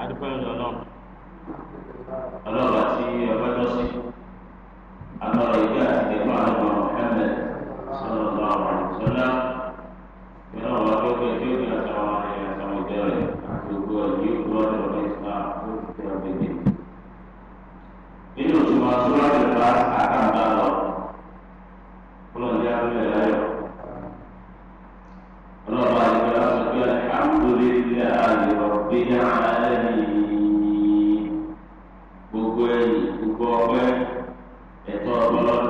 adúpẹ́ ọ̀dọ̀ náà ọlọ́ọ̀bà tí ọba jọ sí agbára ìgbé àti ìgbà àgbà Muhammad sallallahu alaihi wasallam ìrìn àwọn akẹ́kọ̀ọ́ ìjọ ìgbà àtàwọn arìnrìn àtàwọn ìjọ rẹ̀ àti gbogbo ìlú ìlú ọ̀dọ̀ ọ̀dọ̀ Islam ó ti tẹ̀ ọ́ gbẹ̀gbẹ̀. nínú òṣùwọ̀n sọ́wọ́n ti pa àkàǹbá lọ kọlọ́ọ̀dé abúlé láyọ̀ Allah.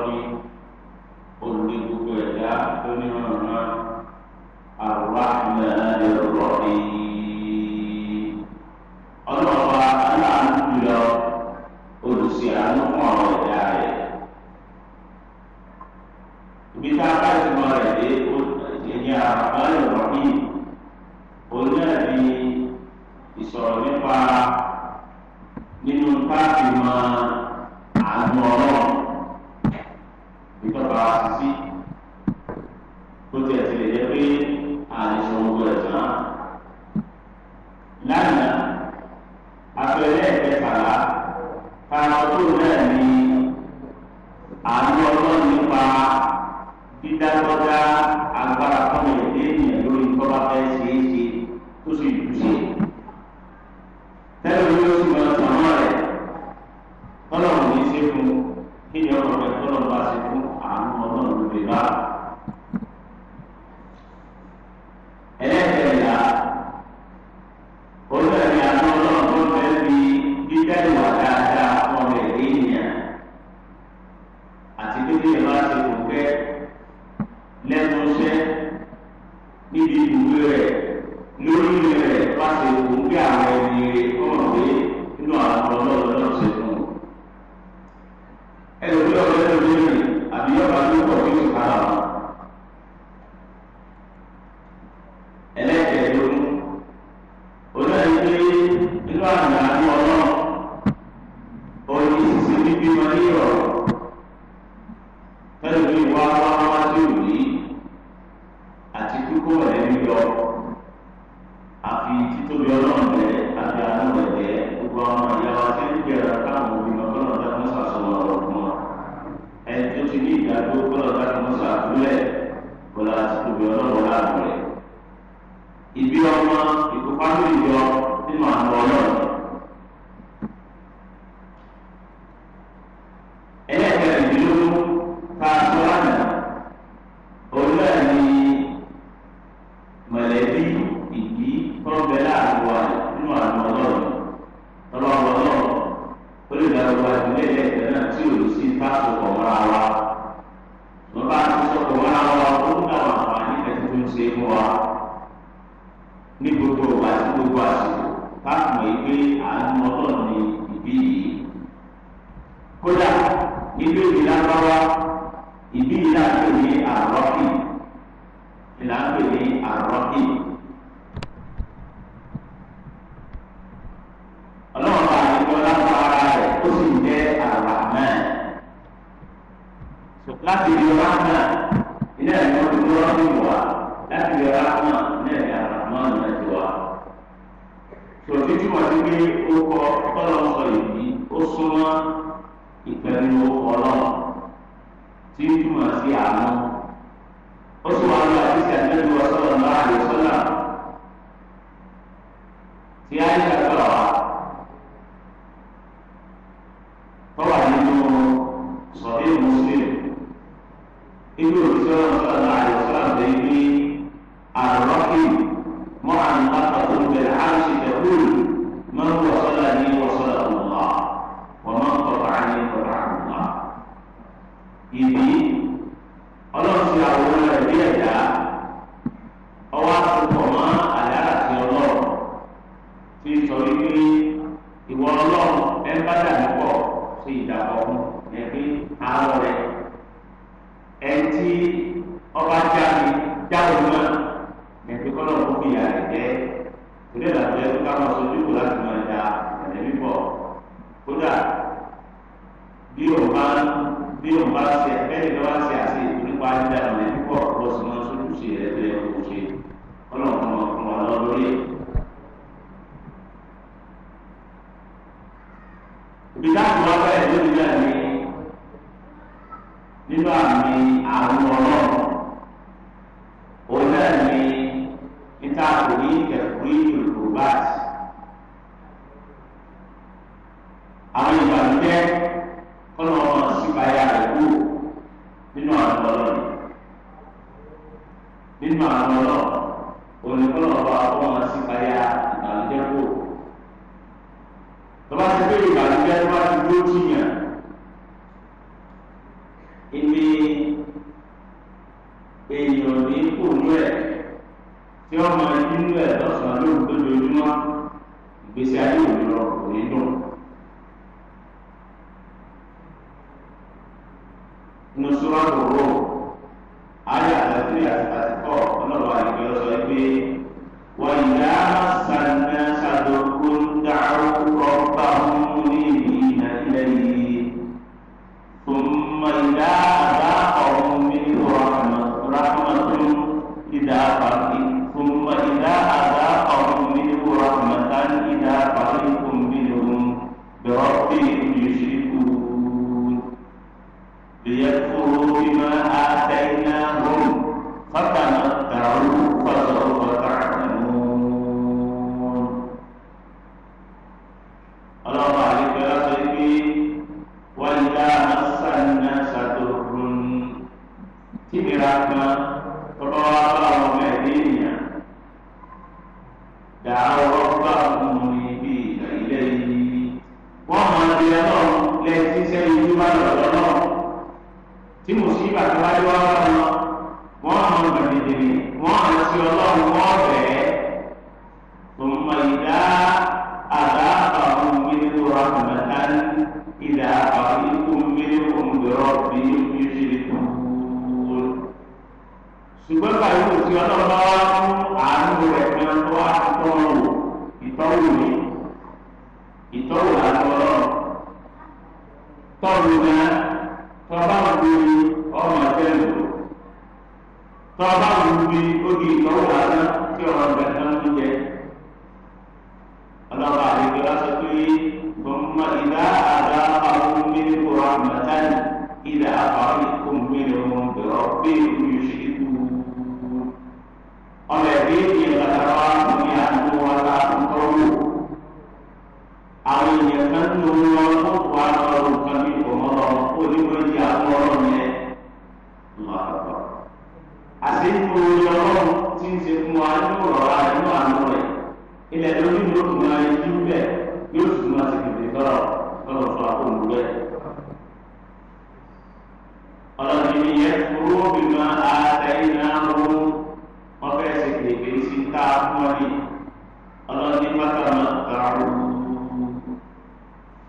wọn ìtòpá ló nínú àwọn ọlọ́run.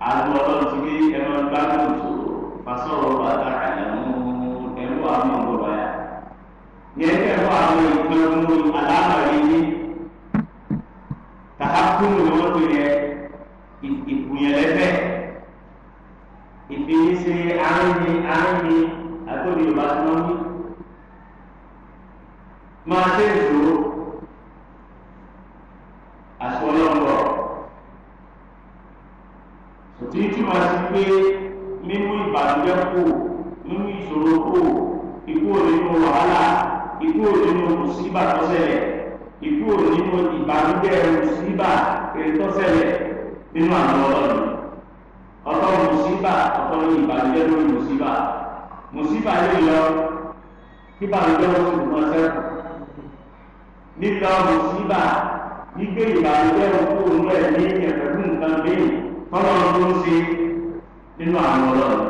àti ọlọ́run ti ní ẹ̀rọ gbádùn tó fasọ̀rọ̀ bàtà àyàmú ẹ̀rọ àwọn ọ̀gbọ̀n yà. yẹn kẹ́kọ̀ọ́ àwọn ìpinnu aláàbàrí ní tàhákùnù ni wọ́n pè yẹ ìpìnyẹ̀lẹ́fẹ́ ìfiyèsí àárín àárín àtòlù yorùbá tí wọ́n ní. máa tẹ̀lé. ìbànújẹ́ òsínbà ètò ṣẹlẹ̀ nínú àwọn ọlọ́run ọ̀tọ̀ mùsíbà ọ̀tọ̀ ìbànújẹ́ lórí mùsíbà mùsíbà yìí lọ ìbànújẹ́ oṣù kan sẹ́kù lílọ mùsíbà gbígbé ìbànújẹ́ òkú òun ẹ̀ ní ẹ̀fẹ̀ fún nǹkan bíi tọ́lọ́run tó ń ṣe nínú àwọn ọlọ́run.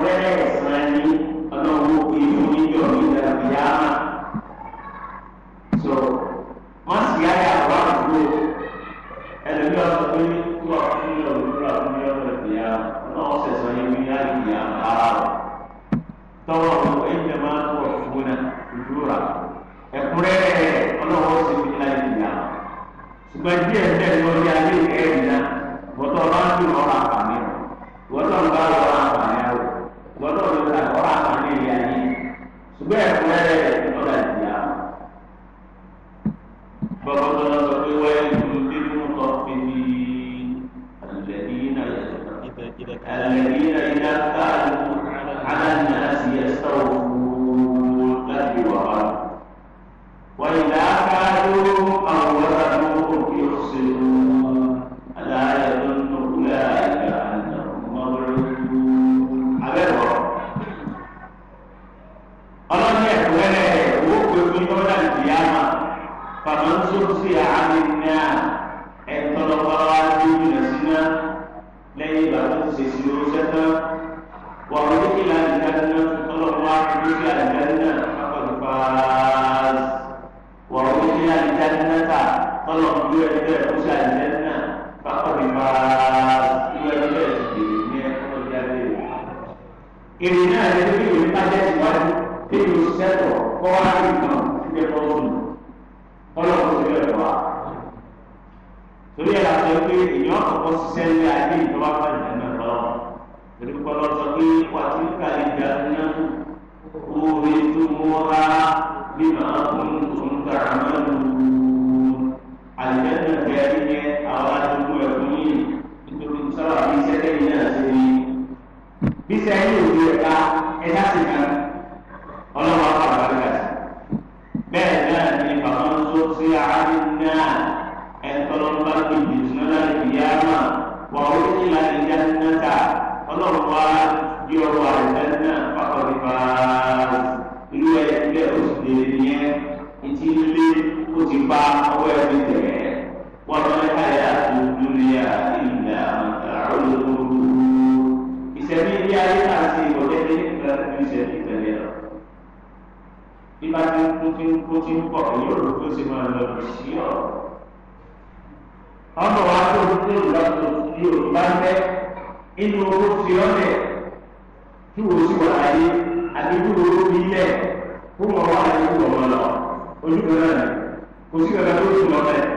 ¡Gracias! tí wò sí wà láyé àdéjúlò lórí ilẹ̀ fún ọmọ àti ìlú ọmọ lọ ojú kan náà kò sí kankan tó tún lọ bẹ́ẹ̀.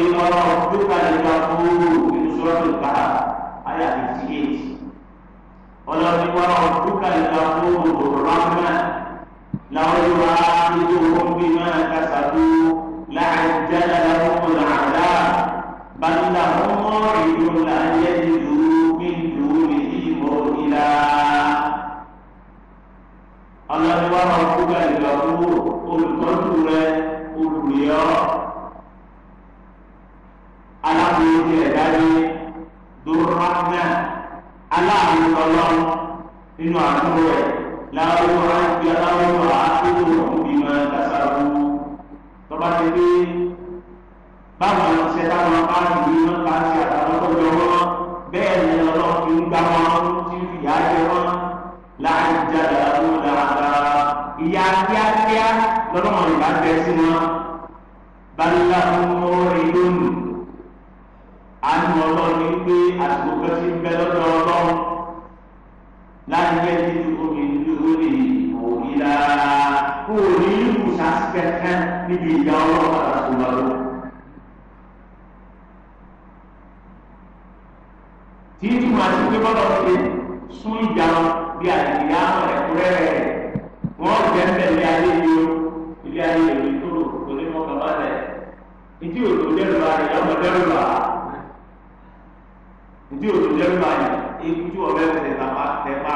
ìwé wọn nípa nípa fúrú nínú sọ́ọ̀tù bàrà ayé àti eight ọlọ́ọ̀ni wọn nípa nípa fúrú rọ́mà làwọn yóò wá nínú wọn bí máa kásàdú láàrin jẹ́lá làwọn kò là á dá balùwà wọn mọ ìlú là ń yẹ ìlú bí tilẹ̀ dájú dùrọ̀mẹ́ aláàánú ọlọ́run nínú àánú rẹ̀ láwùjọ àti aláwùjọ àtúntò òbí máa dàsàrú tọ́ba ti dé báwọn ọ̀sẹ̀ táwọn apáàlù yìí máa bá ti àtàwọn tó jọ wọ́n bẹ́ẹ̀ ni ọlọ́run ti ń gbá wọn ti ń fìyà jẹ wọn láàyè jáde àbúrò dáadáa ìyá kíákíá lọ́dọ̀ wọn ìbá bẹ́ẹ̀ sí wọn balùwẹ̀ àwọn ọmọ rẹ̀ lónìí àánú ọlọ́run ní pé àsìkò kan ti ń bẹ lọ́dọ̀ ọlọ́run láti jẹ́ ní omi ìlú lè wò ìlà kó o ní ìlú sàṣìkẹ́kẹ́ níbi ìyá ọlọ́run àtàkùn lọ́dọ̀. tí ìtumọ̀ àti pé bọ́lọ̀ ṣe sún ìjà bí àdìyá ẹ̀kúrẹ́ rẹ̀ wọ́n jẹ́ ń bẹ̀lẹ́ ayé yìí o ilé ayé yìí tó lò kò ní mọ́ kàmá rẹ̀ ìdí òdò dẹ́rù bá rẹ̀ yọmọ dẹ́rù bá rẹ̀ ìdí òtò jẹ́rìmà yìí ikú tí wọ́n bẹ́ẹ̀ tẹ̀ tàpá tẹ̀pá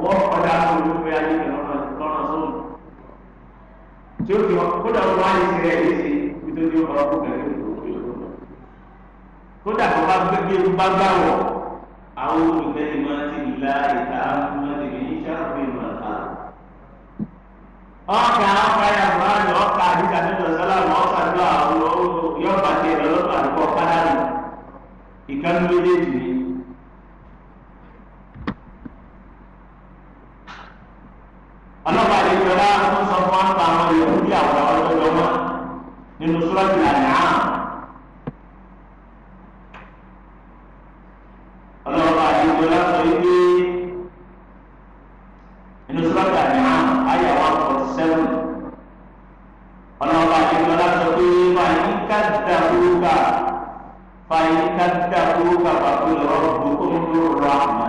wọ́n kọjá lórí wípé ayé kẹ lọ́nà sóòlù tí ó ti kódà wọn wáyé sí rẹ̀ yìí sí nítorí ọ̀rọ̀ kó kẹ̀kẹ́ òkè lọ́nà kódà wọn bá gbé bí ewu bá gbà wọ̀ àwọn olùgbé ni máa ti la ìta mọ́tìrì ní sàrùbí màkà. ọkà ọkàyà mọ́ràn ọkà àdìgbà nínú ọ̀sán àwọn ọ̀sán náà méjèèjì ni ọlọ́pàá yìí fẹ́ wá ń sọ fún wọn pa àwọn yòókù bí àwọn ọlọ́jọ́ wọn nínú súrọ́ọ̀tì àná. ọlọ́pàá yìí fẹ́ wá sọ yìí pé nínú súrọ́ọ̀tì àná ayé wa kọ̀ sẹ́wọ̀n. ọlọ́pàá yìí fẹ́ wá sọ pé fàyín kàdàkùrúkà fàyín kàdàkùrúkà pàtó lọ́rọ̀ bùkún ló rà mọ́.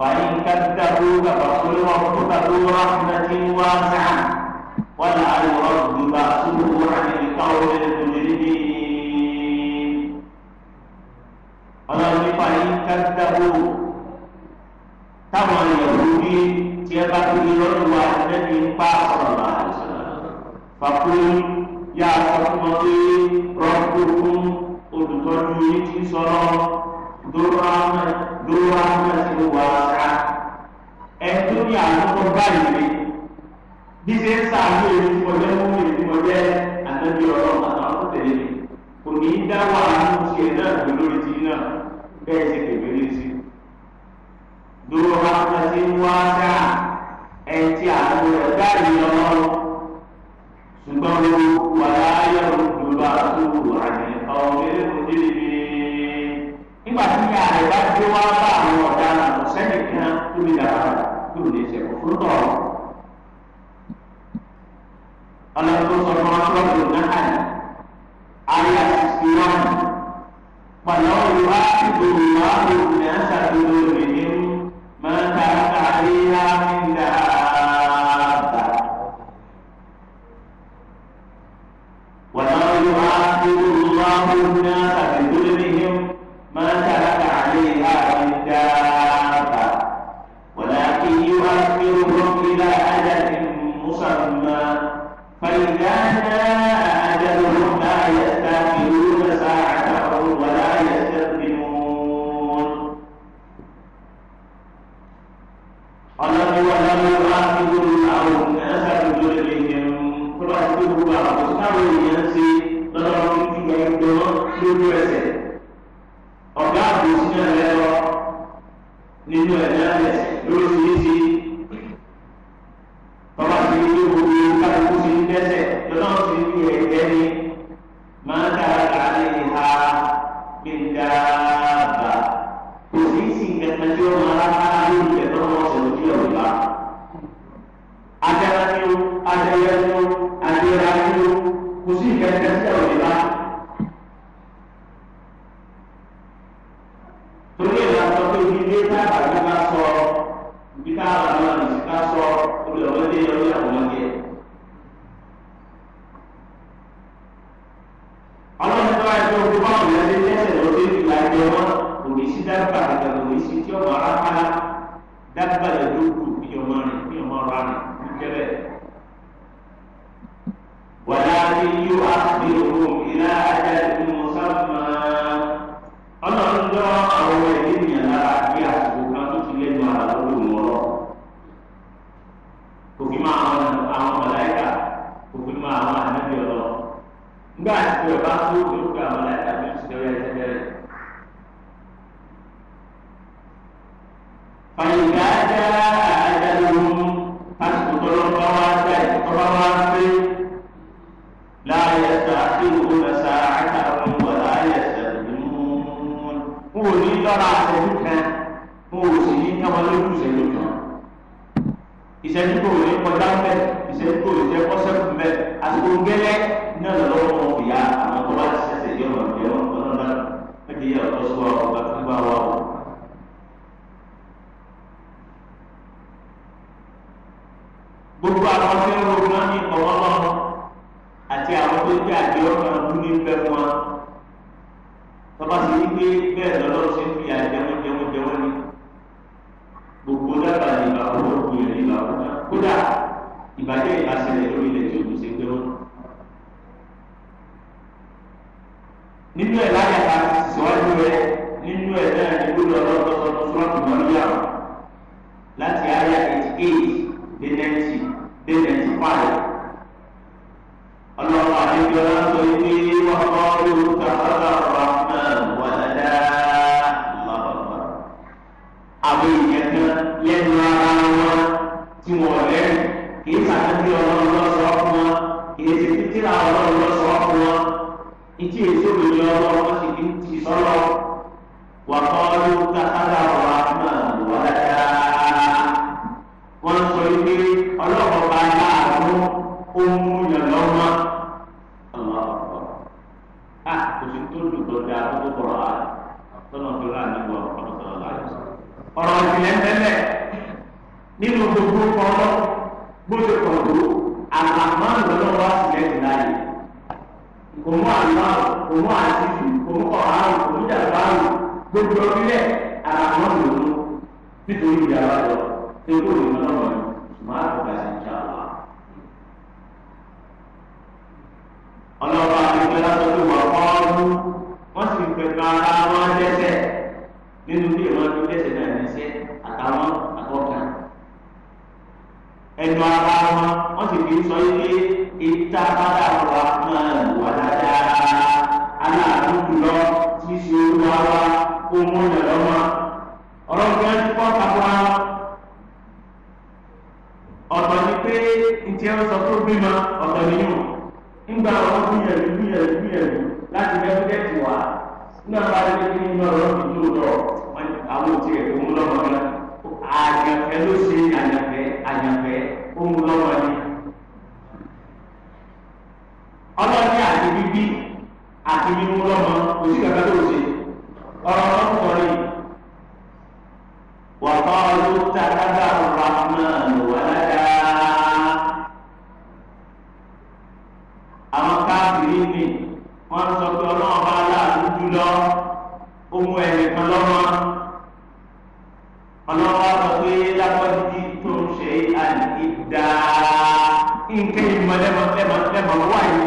فإن كذبوك فقل ربك ذو رحمة واسعة ولا يرد بأسه عن القوم المجرمين ọlọ́run nípa yín kẹ́kẹ́wò táwọn yahudi tí ẹ bá tóbi lọ́dún wa lẹ́bi ń pa ọ̀rọ̀ bá fàkúrú dúró àmọ́ dúró àmọ́ sí ló wà sá ẹtú ní àkókò báyìí ni bí ṣe ń sàánú èyí tí mo jẹ́ mú èyí tí mo jẹ́ àtẹ́bí ọ̀rọ̀ àtàwọn tó tẹ̀lé mi kò ní í dá wà nínú tiẹ̀ náà ló lórí ti náà bẹ́ẹ̀ ṣe kèmí lé sí dúró sí wà sá ẹtí àkókò rẹ̀ báyìí lọ́wọ́ ṣùgbọ́n wàlá yẹ̀wò dùbà tó wù àjẹ́ ọ̀rẹ́ kò dé níbi nígbà tí ìyá rẹ̀ bá gbé wá bá àwọn ọ̀daràn sẹ́ni kan tó lè dàgbà tó lè ṣẹ̀kọ̀ fún tọ̀. ọlọ́run tó sọ fún wa sọ́ọ̀tì náà ayé àti ìwọ́n pàlọ́ ìwà ìgbòho wà lóògùn ẹ̀ ń ṣàkóso rẹ̀ ní mọ́tàlá. kó mú yàn lọ́mọ ọ̀rọ̀ nǹkan ẹni kọ́ kakura ọ̀tọ̀ ni pé ntí ẹ sọ fún bímọ ọ̀tọ̀ nìyó ńgbà wọn gbìyànjú gbìyànjú gbìyànjú láti mẹ́fúdẹ́tì wá nígbà bá a lè fi ní ọ̀rọ̀ mi tó lọ àwọn òtí ẹ̀ tó mú lọ́mọ náà àyànfẹ́ ló ṣe àyànfẹ́ àyànfẹ́ ó mú lọ́mọ ni ọlọ́ọ̀ni àti bíbí àti mímú lọ́mọ òsì kàkà tó ṣe ọ̀rọ̀ ọkùnrin wàtá ọdún takada rahman wàlájà àwọn káàkiri ni wọn sọ pé ọlọ́run bá láàánú jùlọ ó mú ẹ̀rẹ̀ kan lọ́mọ ọlọ́run bá sọ pé lápọ́jì tó ń ṣe àìdá nǹkan ìmọ̀lẹ́mọ̀ wáyé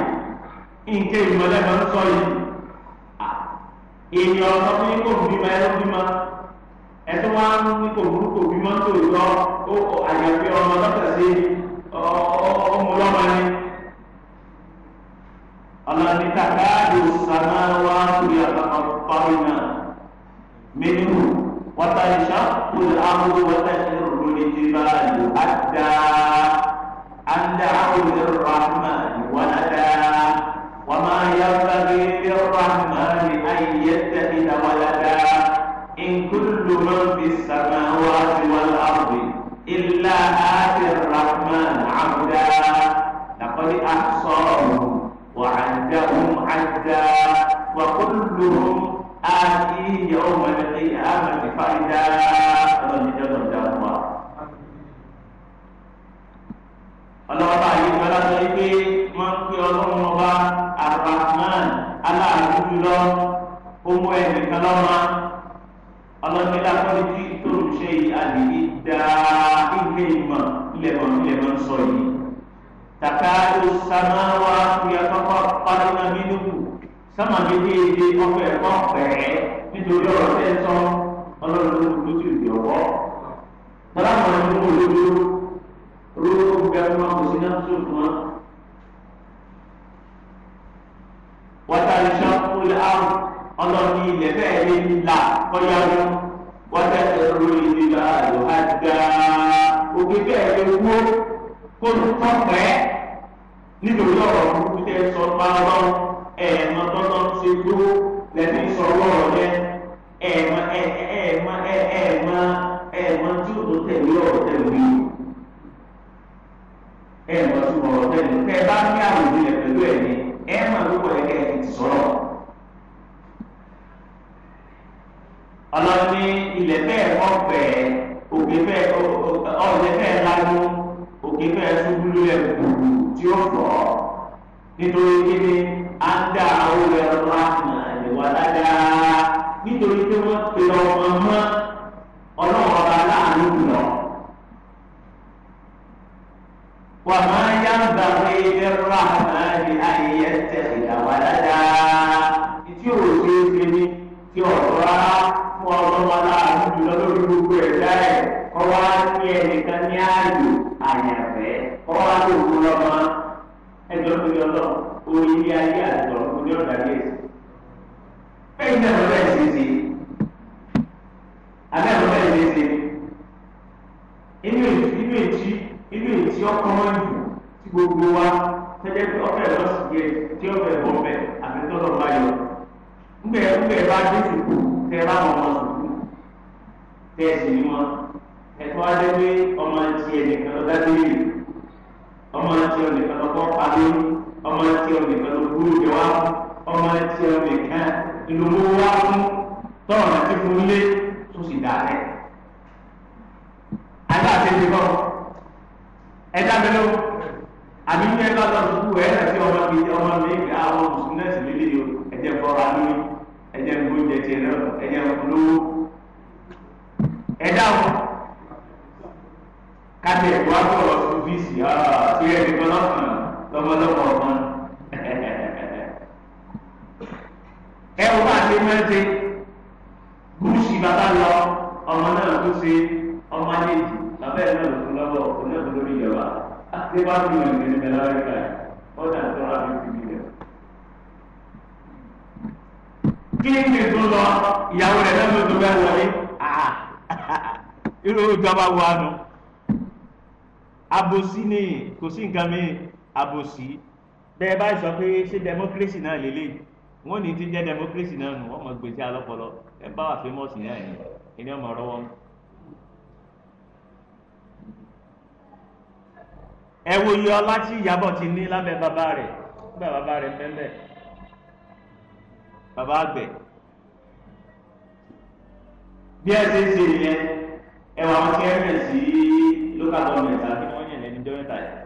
nǹkan ìmọ̀lẹ́mọ̀ ń sọ yìí èèyàn ọ̀sán tó ní kò bímọ ẹ̀rọ bímọ ẹ̀tọ́ wá ní kò burú kò bímọ tó lọ ó àyàfi ọmọ lọ́sẹ̀ sí ọmọ lọ́mọ ni. ọlọ́ni kàkà ló sàmà wá sórí àpapọ̀ pàrọ̀nà mẹ́nu wọ́tá ìṣàkóso àwọn wọ́tá ìṣòro lórí ti bá a lò á dáa. sàmáwá fi àkọ́kọ́ pàdánù mílíkù sámà méjèèjì ọ̀fẹ́ ọ̀fẹ́ nítorí ọ̀rọ̀ tẹ́ sọ ọlọ́run ló kú tí ò di ọ̀wọ́. Bọ́láwọn ẹni mú olójú olówó gbẹ fún wa kò sí náà tó fún wa. Wọ́tá iṣan olè áwù ọlọ́ni ilẹ̀ bẹ́ẹ̀ lé ńlá kọ́yáwó wọ́tá ẹ̀rọ ìdílé àlọ́ àjà òkè bẹ́ẹ̀ lé wó kó tó pẹ́ nítorí ọ̀rọ̀ burúkú tẹ́ sọ pàrọ̀ ẹ̀ẹ̀mọ tọ́tọ́ ṣe tó lẹ́ni sọ ọlọ́rọ̀ yẹn ẹ̀ẹ̀mọ ẹ̀ẹ̀mọ ẹ̀ẹ̀mọ ẹ̀ẹ̀mọ tí o tó tẹ̀lé ọ̀rọ̀ tẹ̀lé ẹ̀ẹ̀mọ tí o ọ̀rọ̀ tẹ̀lé tẹ́ bá ní àwòrán yẹn pẹ̀lú ẹ̀mí ẹ̀ẹ̀mọ ló pọ̀ ẹ̀kẹ́ ẹ̀ ti sọ̀rọ̀. ọlọ́ni ilẹ̀ bẹ́ẹ̀ ọ̀fẹ́ òkè bẹ́ẹ̀ ọ̀lẹ́fẹ́ lágún òkè bẹ́ẹ̀ ṣubú lórí ẹ̀ kúrú tí ó tọ́ nítorí kíni á ń dá owó ẹ̀rọ àmàlẹ̀ wá dáadáa nítorí pé wọ́n pe ọmọ mọ́ ọlọ́run ọba láàánú lọ. wà má yá ń gbà pé ẹ̀rọ àmàlẹ̀ ayẹyẹ tẹ̀lé wá dáadáa tí ò ṣe é ṣe ní tí ọ̀rọ̀ fún ọlọ́run ọba láàánú lórí gbogbo ẹ̀dá ẹ̀ kọ́ wá ní ẹnìkan ní ààyè àyànfẹ́ kọ́ wá lóògùn lọ́mọ ẹjọ́ tó yọ lọ orí ilé ayé àtọ̀ orí ọ̀dà gẹ̀ẹ́sì. bẹ́ẹ̀ ni àwọn bẹ́ẹ̀ ṣe ṣe abẹ́ àwọn bẹ́ẹ̀ ṣe ṣe inú inú ètí inú ètí ọkọ̀ wọn jù tí gbogbo wa tẹ́lẹ̀ pé ọ̀fẹ́ lọ́sì yẹ tí ọ̀fẹ́ bọ̀ bẹ́ àti tọ́lọ̀ bá yọ. ńgbẹ́ ńgbẹ́ bá dé sùkú tẹ́ bá wọn lọ sùkú tẹ́ ẹ̀sìn wọn ẹ̀tọ́ adé pé ọmọ ti ẹ̀ ọmọ tí o nìkan lọ́kọ́ padì ọmọ tí o nìkan ló gbúrú jẹ wá fún ọmọ tí o nìkan ló mú wá fún tọ́wọ̀n àti fún ilé tó sì dá rẹ̀. àyíká àti ẹbí kọ́ ẹ dábẹ́ ló àbí ní ẹgbẹ́ ọ̀gá òṣùkú ẹ̀ ẹ̀ sí ọmọ mi ọmọ mi ìgbà àwọn òṣùkú náà sì lélẹ̀ yìí ẹ̀jẹ̀ fọ́ra lórí ẹ̀jẹ̀ gbóúnjẹ tiẹ̀ náà ẹ̀jẹ̀ lówó ẹ̀dá wọn kájẹ̀ ìwádìí ọ̀rọ̀ ọ́fíìsì tí ẹ̀ ní kọ́lọ́kàn lọ́mọlọ́mọ ọ̀kan. ẹ wo bá a ṣe máa ń ṣe gúúsì bàbá lọ ọmọ náà tó ṣe ọmọ àlejò bàbá ẹ̀ náà lọ́kùn lọ́wọ́ òun náà lórí ìyọ̀wá àti bá mi ò ní ẹ̀rẹ́ láríkà ọ̀dà tó rà mí fi bílẹ̀. kí ni kí n tó lọ ìyàwó rẹ̀ náà tó bẹ́ẹ̀ wọlé irú ìjọba wo àná àbòsí ni kò sí nǹkan mi àbòsí bẹ́ẹ̀ báyìí sọ pé ṣé democracy náà lélẹ̀ wọ́n ní ti jẹ́ democracy náà nù wọ́n mọ̀ gbèsè alọ́pọ̀lọ́ ẹ bá wà famous ní àyè ẹni ọmọ ọ̀rọ̀ wọn. ẹ wo iye ọlá tí Ìyábọ̀ ti ní lábẹ́ bàbá rẹ̀ nígbà bàbá rẹ̀ mẹ́lẹ̀ bàbá àgbẹ̀ bí ẹ ti ń ṣe ìyẹn ẹ wà wọn kí ẹ bẹ̀ sí local government àti mẹ́ta yẹn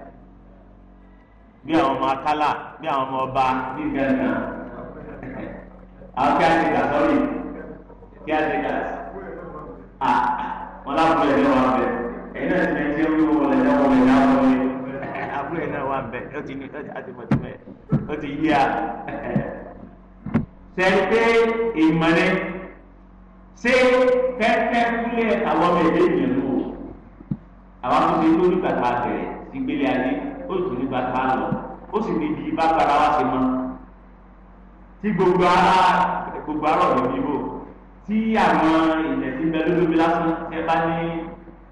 bí àwọn ọmọ akálà bí àwọn ọmọ ọba bí gánà àwọn kíáṣíkà sọ́rí kíáṣíkà à wọn lábúrò ẹ̀ náà wà bẹ ẹ̀yin náà ti nàìjíríà wíwọ wọlé náà wọlé náà wọlé àbúrò ẹ̀ náà wà bẹ ó ti ní àtìmọ̀tìmọ̀ ó ti yí à sẹ́ńpé ìmọ̀lẹ́ ṣé pẹ́pẹ́ kúlẹ̀ àwọn ọmọ ẹ̀dẹ́ ìyẹn lò àwọn tó ti lórí bẹ̀rẹ̀ sí gbélé ayé ó sì ní bàtà lọ ó sì ní bí bá para wá sí mọ tí gbogbo ara gbogbo ara ọ̀dọ̀ mi bò tí àwọn ìjẹ̀ tí ń bẹ lólóbi lásán ẹ bá ní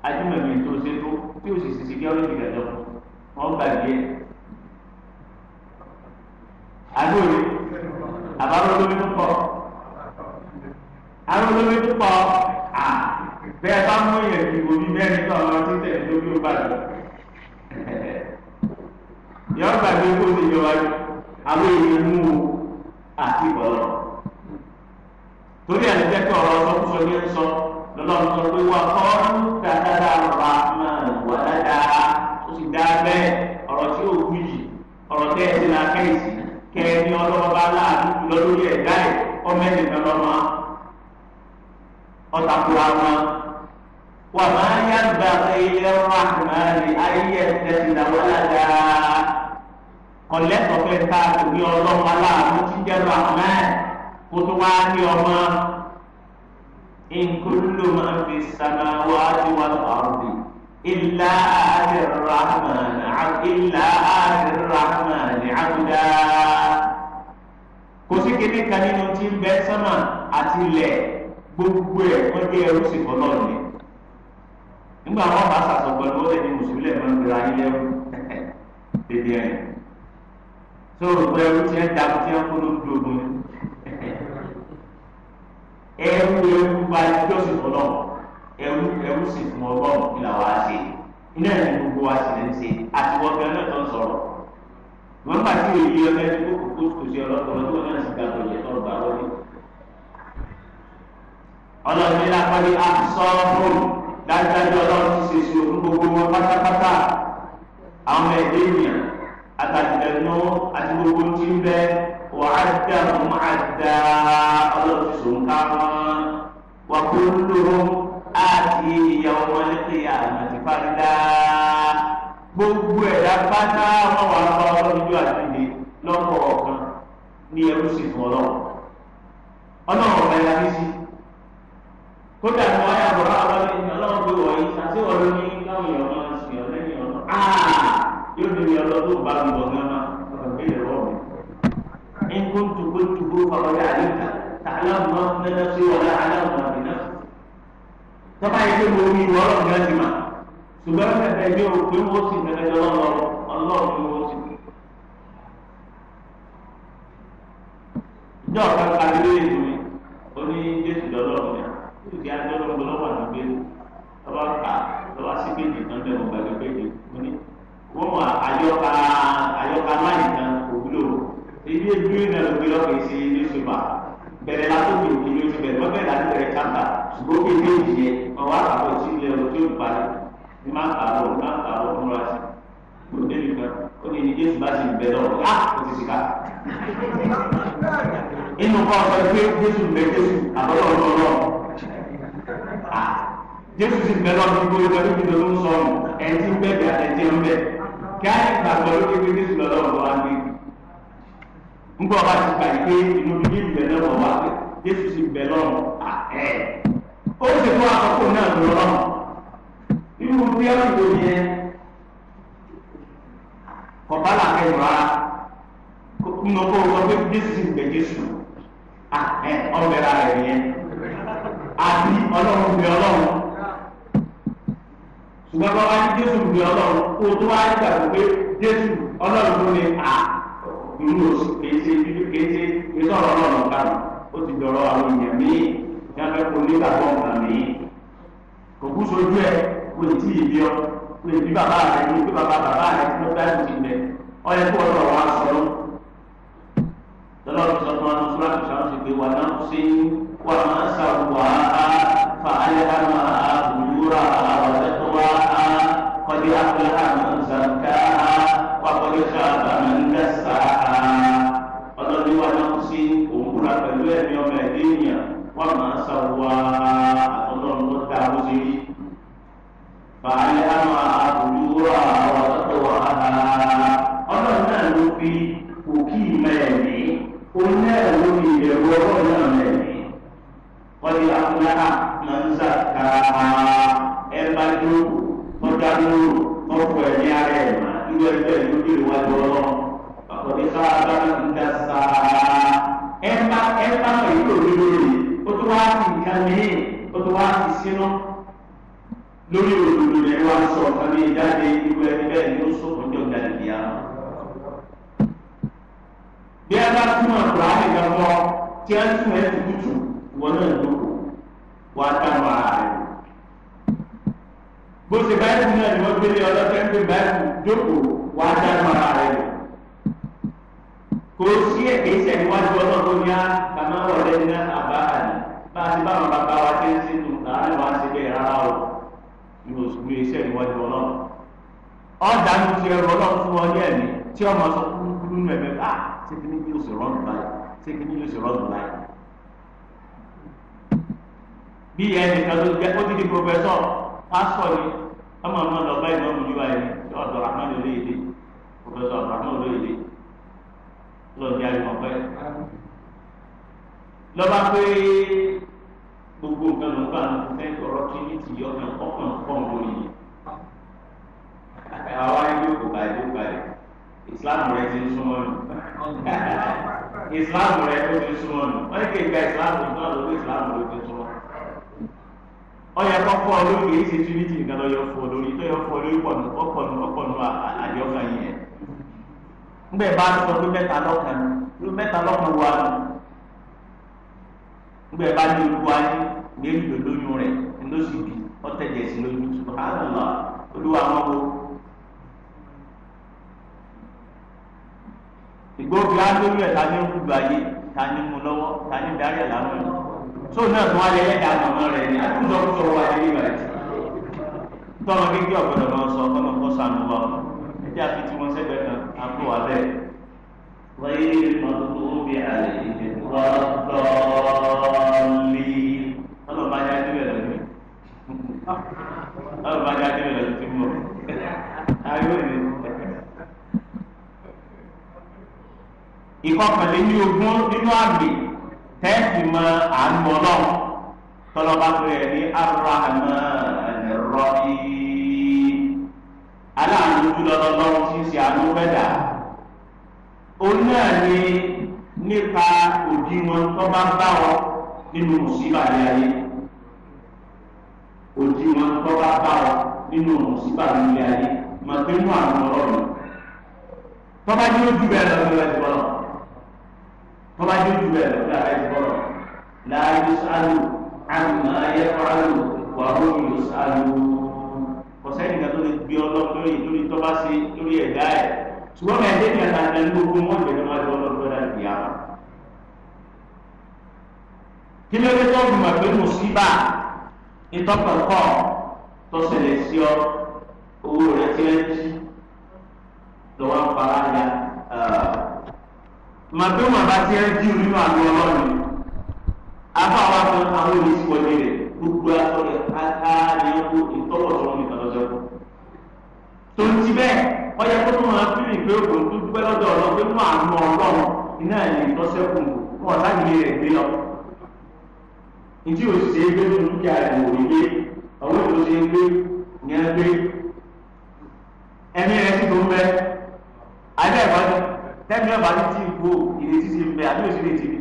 ajímọ̀bí tó ṣe tó tí ó sì sì sí kí ọ́ lè fi gàdọ̀ wọ́n gbà díẹ̀ àdóòrè àbárò lórí púpọ̀ àrò lórí púpọ̀ à bẹ́ẹ̀ bá mú ìyẹ̀dì òbí mẹ́rin náà lọ sí lórí ó gbàdọ̀ yọ gbàgbé kó o ti jọ wáyé àwọn èèyàn mú o àti ìbọ̀lọ̀ torí àti jẹ́kọ̀ ọ̀rọ̀ sọ́kúsọ ní sọ lọ́lọ́run sọ pé wà kọ́ dáadáa rọ̀bà máa wà dáadáa ó sì dá bẹ́ẹ̀ ọ̀rọ̀ tí ó wù yìí ọ̀rọ̀ tẹ́ ẹ ti la kẹ́yìsì kẹ́ ẹ ní ọlọ́ọ̀bá láàánú lọ́lórí ẹ̀dá ẹ̀ ọmọ ẹ̀ nìkan lọ́mọ ọ̀tàkùrọ̀ àwọn. وما ينبغي للرحمن أن يتخذ ولدا kọlẹtọ fẹ ta òbí ọlọ́run aláàánú tí jẹ rahman kó tó wá ní ọmọ nkúlù máa fi sàmà wá sí wà lọ́rùn ilà àti rahman ilà àti rahman àbúdá kò sí kíní kan nínú tí ń bẹ sánmà àti ilẹ̀ gbogbo ẹ̀ wọ́n jẹ́ ẹrú sí fọlọ́ọ̀nì nígbà wọn bá sàtọ̀gbọ̀n ló lẹ́ni mùsùlùmí lẹ́ẹ̀ máa ń gbéra yín lẹ́wọ̀ dédé ẹ̀ tó o gbọ́ ẹrú tiẹ̀ ń dàgbù tiẹ̀ kó ló ń dogun ni ẹrú ẹrú bá jọ́sìn ọlọ́run ẹrú ẹrú sì fún ọlọ́run kí làwọn á ṣe iná ẹ̀ ní gbogbo wa sì lè ń ṣe àti wọ́n bẹ́ẹ̀ náà tó ń sọ̀rọ̀ wọ́n bá tí èyí ọmọ ẹni kó kókó kò sí ọlọ́kọ̀ọ́ tó náà sì gbàgbọ́ yẹ tọ́lọ̀ bá wọlé ọlọ́run ní lápá dájúdájú ọlọ́run ti ṣe ìṣirò fún gbogbo wọn pátápátá àwọn ẹ̀dẹ́ ènìyàn àtàjẹ̀nu àti gbogbo tí ń bẹ wà á dá wọn á dá ọlọ́run ti sòun ká wọn wà kó lóhùn àti ìyàwó wọn lẹ́kẹ̀ àmà ti fárídá gbogbo ẹ̀dá pátá wọn wà lọ́wọ́ ọlọ́run ju àtìlẹ́ ọ̀kan ní ẹrú sì fún ọlọ́run ọlọ́run ọ̀la ẹ̀dá ní sí kódà ní wáyà. مرم بوغاما فبيه ربي إن كنت كنته فقد علمت تعلم ما في نفسي ولا أعلم ما في نفسي طبعا يكون مؤمن ورب لازمة سبحانك يا جيو كل وصف لك الله الله sọ pé jésù lè jésù àbọ̀lọ́ ọlọ́ọ̀lọ́ jésù sì bẹ́ẹ̀ lọ́dún gbogbo ìgbà tó kìlọ̀ ló ń sọ ọ̀nù ẹ̀ ti bẹ́ẹ̀ bí àtẹ̀jẹ́ ń bẹ̀ kí á ní gbàgbọ́ ló kékeré jésù lọ́dọ̀ọ̀lọ́ ọba ti gbà yìí pé inú bíbí ìbẹ̀ Ah, eh, ọ̀bẹ̀rẹ̀ rẹ̀ nìyẹn àti ọlọ́run bí ọlọ́run ṣùgbọ́n bá wá ní jésù bí ọlọ́run kó tó wá ní ìgbàgbọ́ pé jésù ọlọ́run ló ní à ìlú oṣù kéṣe bíbí kéṣe kéṣe ọ̀rọ̀ ọlọ́run kanu ó ti dọ̀rọ̀ àwọn èèyàn míì ní afẹ́kọ̀ọ́ onígbàgbọ́ nǹkan míì kò kú sojú ẹ kò ní tí ì bí ọ kò ní bí bàbá rẹ ní bí bàbá bàbá rẹ ló dá ìlú ti bẹ ọ yẹ kó ọlọ́run wá sọ lọ́wọ́ lọ́lọ́run sọ fún wa ní fúlàní sọ́run ti gbé wa náà sí wà máa ń sàwùwà á fa ayé á máa á bùdúrà á wàlẹ́ tó wá á kọ́dí àpẹẹrẹ àmì ìzànká á wà kọ́dí sàbà mi ń dẹ́sà á. ọlọ́run wa náà sí òun pẹ̀lú ẹ̀mí ọmọ ẹ̀dẹ́ ènìyàn wà máa ń sàwùwà àtọ́lọ́run tó dá bó ṣe rí. fa ayé á máa á bùdúrà á wàlẹ́ á. ọlọ́run náà ló fi òkì mẹ́ẹ̀mí onílé lórí ìbẹ̀rù ọlọ́run náà mẹ́rin ọdí afúnáhà máa ń zàkà ẹ bá dúró ọjà dúró ọkọ̀ ẹ̀mí ara ẹ̀ máa ń gbé ẹgbẹ́ ìlú bí ìwájú ọlọ́run àkọ́dé sáà bá ń da sáà ẹ bá ẹ bá mọ̀ ìlú òní lórí ó tó wá sí nǹkan mìíràn ó tó wá sí sínú lórí òdòdó rẹ̀ wá sọ̀rọ̀ kan ní ẹni bẹ́ẹ̀ ni ó sọ̀rọ̀ ọjọ́ ìgbàlè. tí a tún ẹ tó tutù wọn náà dúró wà á tán wà á rẹ bó ṣe báyìí náà ni wọn gbélé ọlọpàá ń gbé báyìí dúró wà á tán wà á rẹ kò sí ẹ̀kẹ́ ìṣẹ̀lẹ̀ iwájú ọlọ́run ní àkàmá ọ̀rẹ́ ní àbá àlè bá a ti bá àwọn bàbá wa ṣe ń ṣe nù láàrin wa ṣe bẹ́ẹ̀ rárá o ní oṣù ní iṣẹ́ iwájú ọlọ́run ọ̀dà ń ti ẹrù ọlọ́run fún ọ ní ẹ̀mí tí ọmọ sọ kúrúkúrú nù ẹ̀mí à ah, ṣe fi ní bí oṣù rọ́ọ̀nù báyìí ṣé kí ni yóò ṣe rọ́ọ̀nù láì. bí ẹnì tó jẹ́ ó ti di pòfẹ́sọ̀ pásítọ̀ ni ọmọ ọmọ lọ bá ìmọ̀ mi níwáyé ní ọ̀dọ̀ rahman olóyèdè pòfẹ́sọ̀ rahman olóyèdè lọ́ọ̀dì àyùmọ̀pẹ́. lọ́ba pé gbogbo nǹkan ló ń bá àwọn fẹ́ ọ̀rọ̀ kí ní ti ọkàn ọkàn pọ̀ lórí yìí. àwa yóò kó báyìí yóò báyìí islam rẹ ti ń súnmọ́ nù islam rẹ ó ti súnmọ́ nù wọ́n kì í gba islam rẹ náà lórí islam rẹ ti súnmọ́ ọyọ kọkọ lórí kì í ṣe trinity nìkan lọ yọ fọ lórí tó yọ fọ lórí pọnù ọpọnù ọpọnù àjọkàn yẹn ńgbẹ bá sọ pé mẹ́ta lọ́kàn ló mẹ́ta lọ́kàn wà nù ńgbẹ bá ní olú wa ní gbé lóyún rẹ lóṣù bíi ọtẹjẹsì lójú ṣùgbọ́n àlọ olúwa wọn wo. ìgbóhùn fi ádórí ẹ̀ ta ní orúkú ayé ta ní mu lọ́wọ́ ta ní darí ẹ̀ lánàá yìí tó náà tó wáyé ẹ̀dá àmọ́ rẹ̀ ni àtúntò tó wà ní ìgbà yìí tọ́lọ́ kékeré ọ̀gbọ́dọ̀ máa sọ ọmọ kó sànù wa ẹ̀jẹ̀ àfi tí wọ́n sẹ́gbẹ̀ẹ́ kan á kó wa bẹ́ẹ̀. wáyé ìmọ̀tòtò ó bí àlè ìdìbò tọ́lí ọlọ́ba ajá débẹ̀ lọ́dún ọlọ́ba ajá débẹ̀ lọ́dún ìkọkànléní ogún nínú àgbè tẹ́ẹ̀sì mọ àánú ọlọ́run tọ́lọ́ba pẹ̀lú ní Ar-Rahman Ar-Rahim aláàánú lọ́lọ́lọ́run tí ń ṣe àánú bẹ́dà òun náà ni nípa òdiwọ̀n tó bá bá wọn nínú mùsíbà ní ayé òdiwọ̀n tó bá bá wọn nínú mùsíbà ní ayé màtí mú àánú ọlọ́run tọ́ba yóò ju lọ́wọ́ ẹ̀ lọ́wọ́ wọ́n bá dé ìlú ẹ̀ lọ́dọ̀ àrẹ ìbọ̀rọ̀ láàyè sálù àmà ayé fàálù wà lóyún sálù. ọ̀sẹ̀ nìkan tó lè gbé ọlọ́pẹ́ lórí tó bá ṣe lórí ẹ̀dá ẹ̀ ṣùgbọ́n ẹ̀dẹ́ ní àtàkùn ẹni gbogbo wọn ìgbẹ́ ni wọ́n lọ lọ́dọ̀ láti yá wọn. kí ló tó gbìmọ̀ pé mùsíbà ìtọ́kọ̀kọ̀ tó ṣẹlẹ̀ sí ọ owó rẹ̀ ti jí lọ́wọ́ ń para ya. màtó màbá ti ń jù nínú àmì ọlọ́run afa wa fún àwọn oníṣòwò nílẹ̀ gbogbo àtọ́lẹ̀ ká ní ọkọ ìtọ́wọ̀sọ̀rọ̀ nìkan lọ́jọ́ tó ń ti bẹ́ẹ̀ ọyẹ kó tó máa fi ìgbé ògùn tó dúpẹ́ lọ́dọ̀ ọ̀rọ̀ pé fún àánú ọlọ́run iná ẹ̀yìn ìtọ́sẹ́kùn fún ọ̀tá ìlú rẹ̀ gbé lọ. ìdí òṣìṣẹ́ gbé fún dúkìá rẹ̀ wò tẹ́mi ọba ní tí ìgbó ìrètí ti ń bẹ àbí òsì lè ti mi.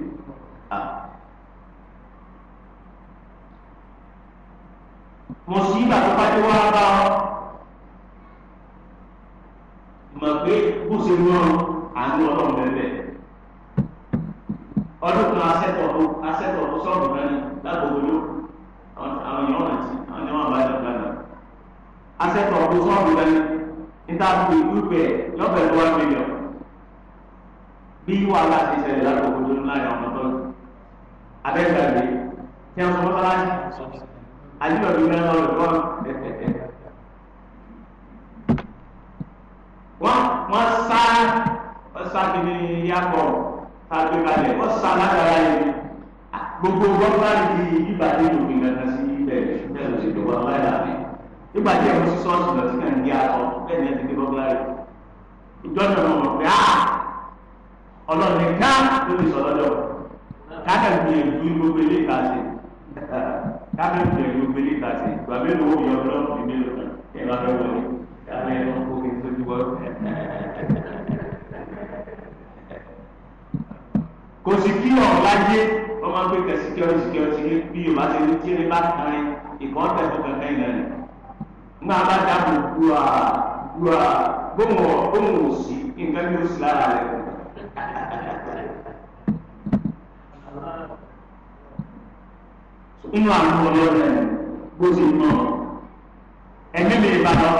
mo sì ìgbà tó bá dé wá bá ọ mọ̀ pé bó ṣe mú ọ àánú ọlọ́run bẹ̀rẹ̀ ọdún kan asẹ́tọ̀ asẹ́tọ̀ sọ́ọ̀bù kan ní lágbègbè àwọn èèyàn ọ̀nà tí àwọn èèyàn wà bá dẹ̀ gbàgbà asẹ́tọ̀ sọ́ọ̀bù kan ní níta fún ìlú bẹ̀ yọ̀bẹ̀ lọ́wọ́ mílíọ̀n bí wàhálà ti ṣẹlẹ̀ lákòókò tó ń láyà ọmọ tó ń abẹ́gbàgbé tí wọ́n sọ mọ́sálásí àdìbò bí wọ́n lọ lọ́wọ́ wọ́n wọ́n sá wọ́n sá kìíní yàtọ̀ tàbí kalẹ̀ wọ́n sá lágbára yìí gbogbo gbọ́dọ̀ di ìbàdí òbí kankan sí ibẹ̀ bẹ́ẹ̀ ló ti dọ̀wọ́ láyà mi ìbàdí ẹ̀kọ́ sísọ́ọ̀sì lọ́tí kàn ń gé àtọ̀ bẹ́ẹ̀ ni ẹ ti gbé gbọ́dọ̀ rẹ̀ ìjọ́nà ọ̀rọ̀ pé áà ọlọ́run ní ká ló ti sọ lọ́dọ̀ káàkiri gbìyànjú gbogbo ilé ìtàsí káàkiri gbìyànjú gbogbo ilé ìtàsí ìgbà mélòó wò yọ ọlọ́run ní mélòó kan ẹ máa fẹ́ wọlé káàkiri ẹ máa kó kí n tójú wọ. kò sì kí ọ̀rọ̀ láyé wọ́n máa ń gbé kẹ̀sí kí ọ̀rọ̀ sí kí ọ̀rọ̀ sí bí yorùbá ṣe ní tí ẹni bá kan ìkọ́ tẹ̀sán kankan ìlànà ńgbà bá dáàbò gbúà gbúà gbóhùn òsì nǹkan ní oṣù lára rẹ̀ nínú àwọn ọlọ́rẹ̀ bó ṣe mọ̀ ẹ̀mí mi ìbá lọ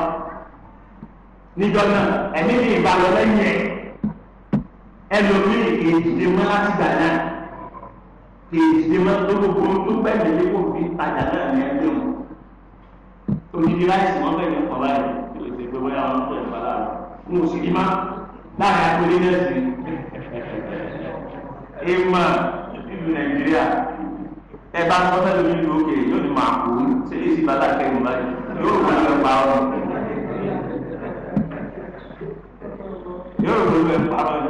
níjọ náà ẹ̀mí mi ìbá lọ lẹ́yìn ẹ̀ ẹlòmíì èdè mọ́ láti gbà náà èdè mọ́ tó gbogbo tó gbẹ̀mí ní kò fi padà náà ní ẹgbẹ́ wọn onídìí láìsí wọn bẹ̀rẹ̀ ní kọ̀ọ̀lá rẹ̀ kí ló ṣe pé bóyá wọn tó ẹ̀fọ́ láàrú n ò sì ní láàrin akólé náà sí ìmọ̀ ìlú Nàìjíríà ẹ bá tọ́ fẹ́ lómi ìlú òkèèrè yóò ní máa kú ṣé lè ṣì bàtà kẹ́yìn báyìí yóò rò pé pa ọ́ yóò rò pé pa ọ́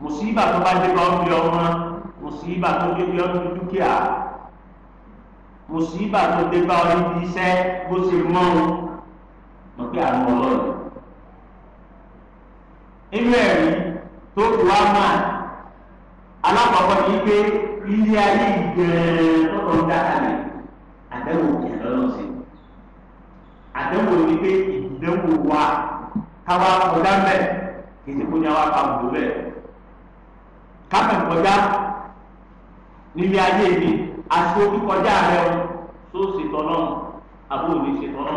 mùsíbà tó bá dé bá ọ́ bí ọmọ mùsíbà tó dé bí ọ́ ní dúkìá mùsíbà tó dé bá ọ́ níbi iṣẹ́ bó ṣe mọ́ ọ́n mọ̀ pé àwọn ọlọ́run inú ẹ̀rí tó kù á máa alákọ̀ọ́kọ́ yìí pé ilé ayé ìgbẹ́rẹ́ tọ́tọ̀ ń dára ní àdéhùn ìjẹ́ lọ́nà sí àdéhùn ni pé ìdéhùn wa káwa kọjá mbẹ kìsì kúnyà wa ká wùdó bẹ káfẹ́ kọjá níbi ayé mi aṣojú kọjá rẹ o tó ṣe tọ́nà àbò ní ṣe tọ́nà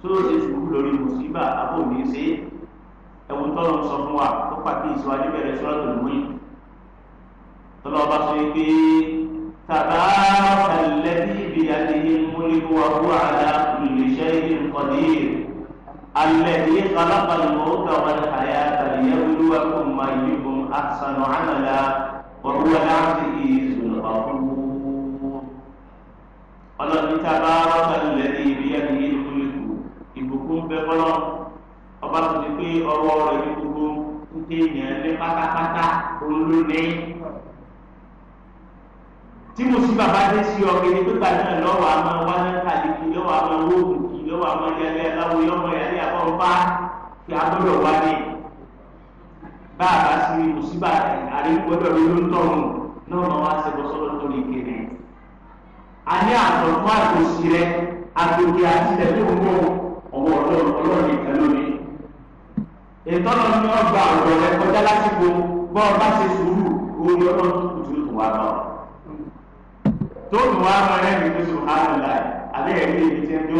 tó ṣe sùúrù lórí mùsíbà àbò ní ṣe ẹ̀wù tọ́nà sọ fún wa tó pàkíyèsí wa níbẹ̀rẹ̀ sọ́dọ̀ lóyún tọ́lọ́ba sọ pé tabaraka alladhi biyadihi al-mulku wa huwa ala kulli shay'in qadir alladhi khalaqa al-mawta wal-hayata liyabluwakum ayyukum ahsanu 'amala wa huwa al-'azizul ghafur ọlọ́ni tabaraka alladhi biyadihi al-mulku ìbùkún bẹ́ ọba tó ti pé ọwọ́ rẹ̀ ní gbogbo ń kéèyàn lé pátápátá olú ní tí mo sì bàbá dé sí ọ kéde pípa náà lọ́wọ́ àmọ́ wá náà kàlíkì lọ́wọ́ àmọ́ wóògùn kì lọ́wọ́ àmọ́ yẹlẹ́ láwo yọmọ yẹlẹ́ àfọ̀npá kí a gbọ́dọ̀ wá ní. bá a bá sí mùsíbà àrí gbọ́dọ̀ ló ń tọ̀hún náà máa wá ṣe bọ́sọ́rọ́ tó lè kéde. a ní àtọ̀tún àtòsí rẹ àtòkè àti tẹ̀lé owó ọ̀wọ́ ọlọ́run ìtẹ́ ọlọ́run tuntun tó tó lù wá rẹ mi ní sùhánù láì alẹ́ ẹ̀rí èyí ti ń tí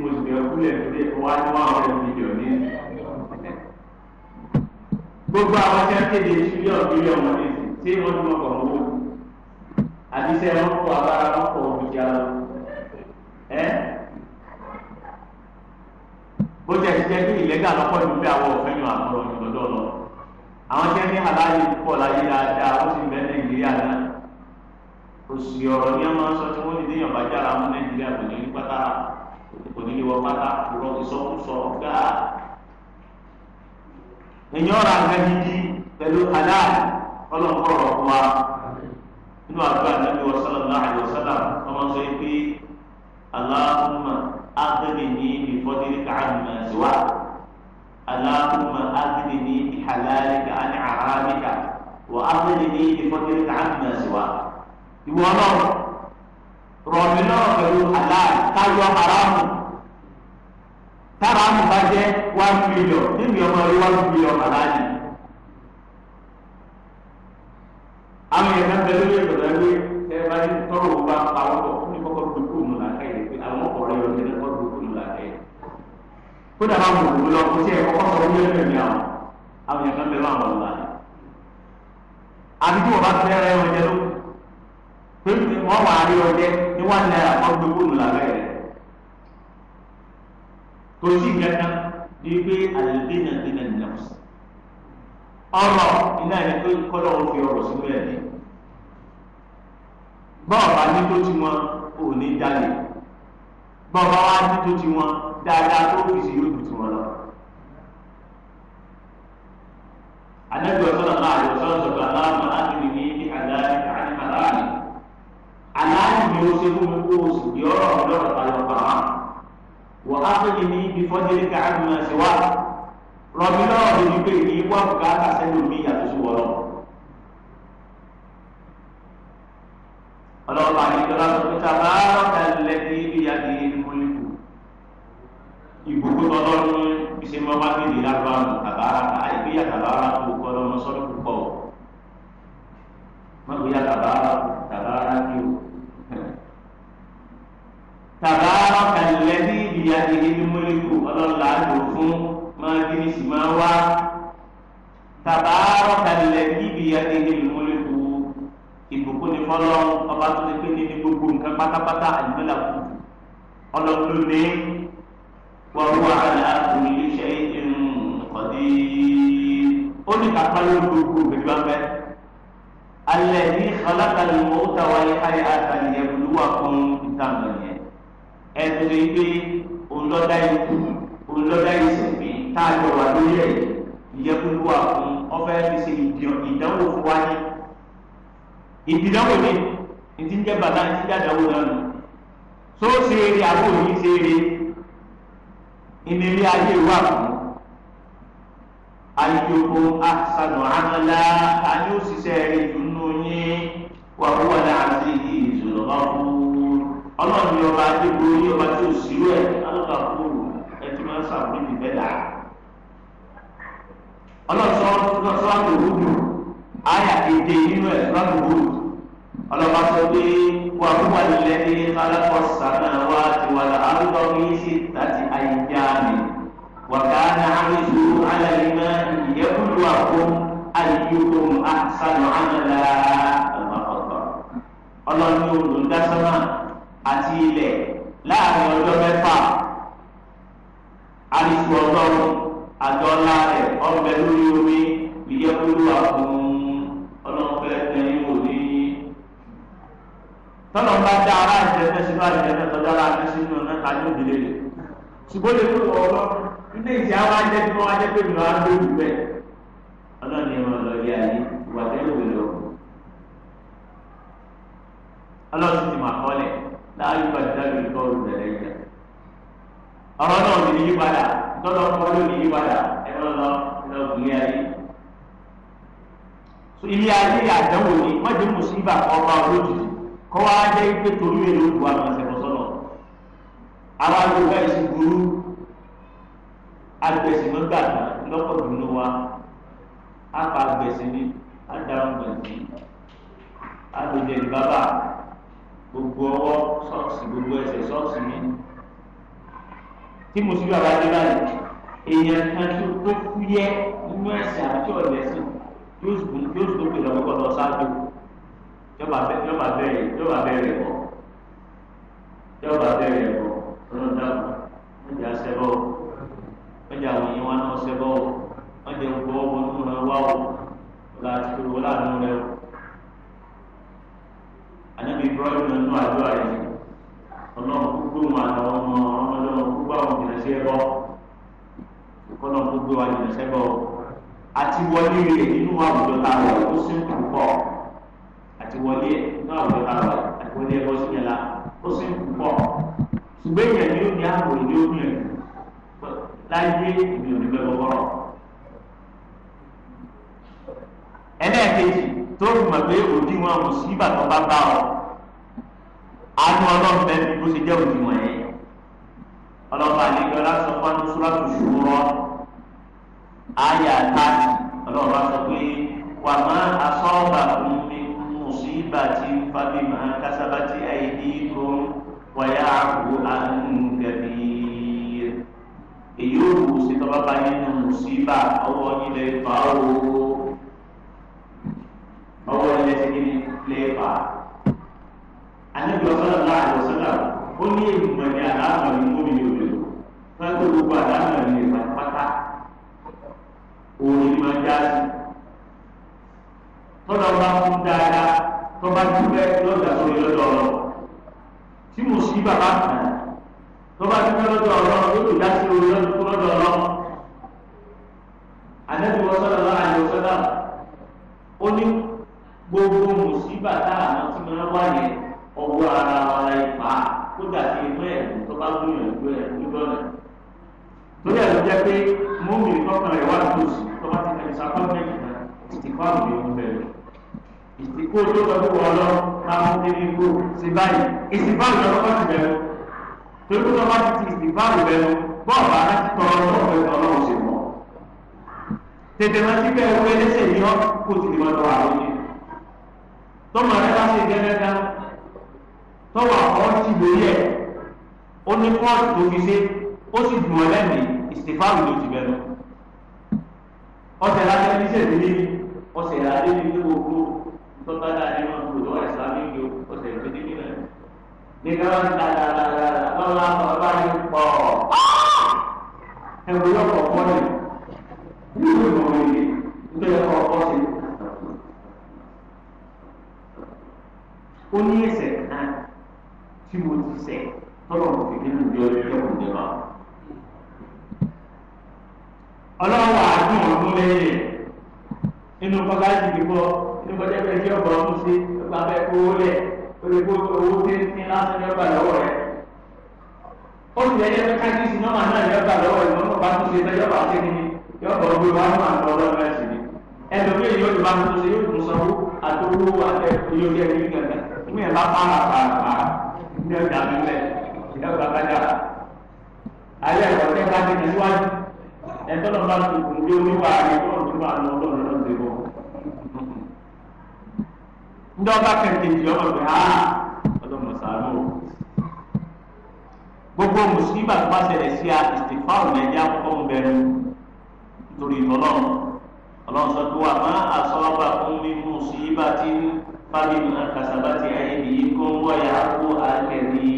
mo sì bẹ̀rù kúlẹ̀ nílé wá ní gbogbo àwọn tí wọ́n kéde ṣílíọ̀nù bílíọ̀nù tí wọ́n tún ọkọ̀ owó àti wọn kó abára kọ̀ lọ. bó jẹ́ ìlẹ́gà lọ́pọ̀ bí àwọn òfin lọ àwọn ní òsì ọ̀rọ̀ masa ọmọ ini yang baca ní déyàn bá patah, mọ́ nàìjíríà kò ní ní pátá kò ní ní wọ pátá kúrọ́ ìsọkúsọ gáà. èèyàn ra nǹkan gidi pẹ̀lú aláàbò ọlọ́kọ̀ ọ̀rọ̀ fún wa nínú àdúrà nàbí wọ́sálà náà àyè wọ́sálà ọmọ sọ pé aláàbùmá ìwọ náà rọ̀mí náà pẹ̀lú aláì táyọ aráàmù táraàmù bá jẹ́ one billion nínú ọmọ rí one billion aláàjì. àwọn èèyàn náà bẹ̀rẹ̀ lórí ìgbàlá wí ẹ bá ní tọrọ òun bá àwọn ọkọ̀ fún ìkọ̀kọ̀ gbogbo òun là kẹ́yìn pé àwọn ọkọ̀ rẹ̀ yóò tẹ̀lé kọ́ gbogbo òun là kẹ́yìn. kódà máa mú òun lọ kó tí ẹ kọ́kọ́ sọ wíyẹn lẹ́mí àwọn àwọn èèyàn náà bẹ̀rẹ̀ àwọn ọ̀la wọ́n wà á rí ọdẹ ní wọ́n náírà wọ́n gbé bóòlù lábẹ́ rẹ̀ kò sí kankan ní pé àlùbínà dínà nìyàwó ọ̀rọ̀ iná ẹni pé kọ́lọ́ ò fi ọ̀rọ̀ sínú ẹ̀ ní bọ́ọ̀bá ní tó ti wọn ò ní jalè bọ́ọ̀bá wá ní tó ti wọn dáadáa tó fi sí yóò tuntun wọn lọ. anábìọ́sọ̀rọ̀ náà yóò sọ̀rọ̀ sọ̀rọ̀ aláàmọ̀ láti rìn ní àdáyé àti àdáyé. aláàjì ni ó ṣe fún mi kó o sì di ọ̀rọ̀ mi lọ́rọ̀ tayọ pàmò wọ áfíìkì ní bífọ́jẹ́lì káàdì náà ṣe wá rọmi lọ́rọ̀ mi wípé ní wà bùkátà di mi yàtọ̀ ibuku wọ́n lọ. ọlọ́pàá ní ìjọba sọ pé sábà ọ̀tá lẹ́ni ìyàdí mọ́lẹ́kù ìbùkún ọlọ́run ìṣe o. tàbára kàlẹ́bí ìyá ìdílé mọ́lẹ́kù ọlọ́lá lò fún mọ́lẹ́dínnísì máa ń wá tàbára kàlẹ́bí ìyá ìdílé mọ́lẹ́kù ìbùkún ní fọlọ́ ọba tó ti pé níbi gbogbo nǹkan pátápátá àdìmọ́là kù ọlọ́dún ní wọ́n wà láàbù iléeṣẹ́ ìrìn kọ́dí ó ní kápá ló gbogbo gbẹgbẹ bẹ́ẹ̀ alẹ́ ní kọlákàlì mọ́tàwáyé ayé àtàlẹ́yẹ lùwà fún ìtàn lẹ́yìn ẹtùtù ìgbé olọ́dá ikú olọ́dá ìsìnkú táàjọ wà lórí ẹ̀ ìyẹ́kúlúwà fún ọfẹ́ fi ṣe ìdánwò fún wa ní. ìdìdánwò ni ìdí ń jẹ́ bàtà ń ti dàdánwò náà nù. tó ṣe eré àwọn òní ṣe eré ìnílé ayé wà fún. ayíjókòó àṣàdùn àmàlà ta ni ó ṣiṣẹ́ rẹ̀ dùnú yín wà wọ́n láti ìṣòro ọ̀hún ọlọ́run ni ọba adébó yí ọba tí ò sí rẹ̀ alọ́ka fóònù ẹtí máa ń sàmúlò ìbẹ́ dà. ọlọ́sọ sọ́ọ̀tù rúdù ayà èdè inú ẹ̀ sọ́ọ̀tù rúdù ọlọ́ba sọ pé wà wúwà nílẹ̀ ní alákọ̀ sàmà wá ti wà láàrúkọ ní sí láti àyíká mi wà ká ní àmìsù alàlímọ́ ìyẹ́kùlù àkó àyíkó àṣàlù àmàlà ọlọ́run ni olùdásánà àti ilẹ̀ láàrin ọjọ́ mẹ́fà àdìsú ọlọ́run àdọ́lá rẹ̀ ọ̀bẹ lórí omi ìyẹ́kúrú àfún ọlọ́pẹ́ ẹ̀yìn òní. tọ́lọ̀ bá dá ara ìjẹ́fẹ́ sínú àjẹjẹ́ tọ́jú ara rẹ̀ sínú náà ní òbí lélẹ̀. ṣùgbọ́n lè kúrò ọlọ́ ilé ìjẹ́ àwọn ajẹ́ tí wọ́n ajẹ́ pé mi wàá lórí bẹ́ẹ̀. ọlọ́ni ẹ̀rọ lọ ilé ayé ìwà tẹ́lẹ̀ òwe lọ. ọlọ́sùn ti mà kọ́lẹ̀ láàyè gbàdájú ìtọ́rù bẹ̀rẹ̀ ìjà. ọ̀rọ̀ náà ní yípadà tọ́lọ̀ kọ́ ló ní yípadà ẹ lọ lọ lọ gbìlẹ̀ ayé. ilé ayé àdánwò ni mọ́jú mùsíbà ọba olójijì kọ́ wá jẹ́ ipé torí èlò òkú àwọn ẹ̀sẹ̀ sọ́nà. ara ló bá ẹ̀sìn burú agbẹ̀sìn ló gbàgbà lọ́pọ̀ dùnú wa á pa agbẹ̀sìn ní adarun gbẹ̀sìn á lè jẹ ìbábà gbogbo ọwọ́ sọ́ọ̀sì gbogbo ẹsẹ̀ sọ́ọ̀sì mi tí mo sì bí abájọ báyìí èèyàn kan tó tó fúyẹ́ nínú ẹ̀sìn àti ọ̀lẹ́sìn yóò sọ pé lọ́wọ́ lọ ṣáájú yọba bẹ̀rẹ̀ yọba bẹ̀rẹ̀ bọ̀ yọba bẹ̀rẹ̀ bọ̀ lọ́nà dàgbà wọ́n jà sẹ́bọ̀ wọ́n jà wọ̀nyí wọn náà sẹ́bọ̀ wọ́n jà gbọ́ wọn nínú rẹ̀ wá o láti kúrò láàánú rẹ̀ o ànábì ibrahim nínú àdúrà rẹ̀ ọlọ́run gbogbo wọn àtàwọn ọmọ ọmọdéwọn gbogbo àwọn ìrìnàṣẹ́ ẹ̀rọ kọ́nà tó gbé wa ìrìnàṣẹ́ bọ̀ àti wọlé rẹ̀ nínú àwùjọ táwọn ó sì ń kú pọ̀ àti wọlé nínú àwùjọ táwọn àti wọlé ẹ̀rọ sí yẹn la ó sì ń kú pọ̀ ṣùgbọ́n èèyàn ni ó ní àbò ìdí ó ní láyé ìbí òní bẹ́ẹ̀ bọ́ bọ́rọ̀ ẹlẹ́ẹ̀kejì tó fi mọ̀ pé òdiwọ̀n mùsíbà tó bá bá ọ àánú ọlọ́run bẹ́ẹ̀ bí bó ṣe jẹ́ òdiwọ̀n yẹn ọlọ́ba àlejò lásán fún anúsúrátù ṣùgbọ́n àyà táàkì ọlọ́ba sọ pé wà má asọ́ọ̀bà fún mi mùsíbà tí fábí máa kásábà àìdí tó ń wáyà àbò àǹgẹ̀bí. èyí ò wù sí tọ́ba bá nínú mùsíbà ọwọ́ ilẹ̀ ìfà owó ọwọ́ ilé sikiri lẹ́ẹ̀fà. Ànábì ọ̀sán náà àlọ́sọ́là ó ní ìmọ̀ ní àlàáfà ní mọ́bí ní òde. Fẹ́ẹ́ gbogbo àlàáfà ní ìgbà pátá. Òní máa já sí. Tọ́lọ́ bá fún dáadáa tó bá dúpẹ́ lọ́jà sórí lọ́dọ̀ ọ̀rọ̀. Tí mo sì bàbá kàn tó dúpẹ́ lọ́dọ̀ ọ̀rọ̀ yóò tó já sí orí lọ́dọ̀ ọ̀rọ̀. Ànábì ọ̀sán náà àlọ́sọ́là ó ní gbogbo mùsíbà tá àwọn tí wọn wá yẹn ọwọ́ ara ara ìfà kó dàbí inú ẹ̀rù tó bá gbìyànjú ẹ̀rù lọ́nà. torí ẹ̀rù jẹ́ pé múmi tọkàn rẹ̀ wá lóṣù tó bá ti fẹ́ sàkọ́mẹ́ntì náà ìtìkọ́ àwùjọ ń bẹ̀rẹ̀. ìtìkó tó lọ bí wọn lọ táwọn débi gbó ṣe báyìí ìsìnbáwò lọ bá ti bẹ̀rù. torí pé wọn bá ti ti ìsìnbáwò bẹ̀rù bọ́ọ̀lù àti tọrọ tọmọ rẹ bá ṣe gẹgẹgá tọwọ àwọn ti lórí ẹ ó ní kóòtù tó fi ṣe ó sì dùn ọ lẹ́mìí ìsìtìfáàmù ló ti bẹ lọ ọsẹ láti ẹni ṣèlú níbi ọsẹ láti ẹni tó gbogbo tọ́gbà dáadé máa ń gbòòrò ẹ̀sán àbí ìgbò ọsẹ ìgbèdé nílẹ̀ ní káwọn ń dáadáa lọ́la ọba ní pọ̀ ẹ̀wọ̀n yọ̀pọ̀ pọ̀ ní ìlú ìmọ̀ òye nígbà yọ̀pọ̀ pọ̀ sí i. ó ní ẹ̀ṣẹ̀ kan tí mo ti ṣẹ̀ tọ́lọ̀ mo fi bínú bí ọdún kẹ́kọ̀ọ́ ní ma. ọlọ́wọ́ àdùn ọdún lẹ́yìn nínú kọ́lá jìbì bọ́ nínú kọjá pé kí ọ̀bọ̀ ọdún sí ọgbà bẹ́ẹ̀ kó o lẹ̀ o lè kó owó tí ń tí lásán ní ọgbà lọ́wọ́ rẹ̀. ó sì ẹ̀yẹ́ pé kájísì nọ́mà náà ní ọgbà lọ́wọ́ rẹ̀ mọ́mọ́ bá tún ṣe tẹ́jọ́ bá ṣe ní yọ̀bọ̀ gbé wa fún àtọ́ ọlọ́run ẹ̀sìn ni ẹ̀dọ̀ bí èyí ó ti bá tún mú yẹn bá pààlà pààlà ní ọjà nílẹ̀ ìdọ́gba kájà ayé ẹ̀rọ tẹ́ ká ní níwájú ẹ̀tọ́ lọ́ba tó kùn dé oníwà rẹ̀ tó ń tún wà lọ lọ́dọ̀ lọ́dọ̀ ṣe bọ̀. ndé ọba kẹ̀kẹ́ ti ọ̀rọ̀ pé á ọlọ́mọ sàánú o. gbogbo mùsùlùmí bá tó sí a ìsìfáwò nàìjíríà ń bẹ̀rù nítorí ìtọ́lọ́run ọlọ́run sọ pé wà má àsọ́ọ́bà fún mímú sí ibà tí ń fábíyàn kasabati ayébi kó ń bọ̀ ya kó alẹ́rì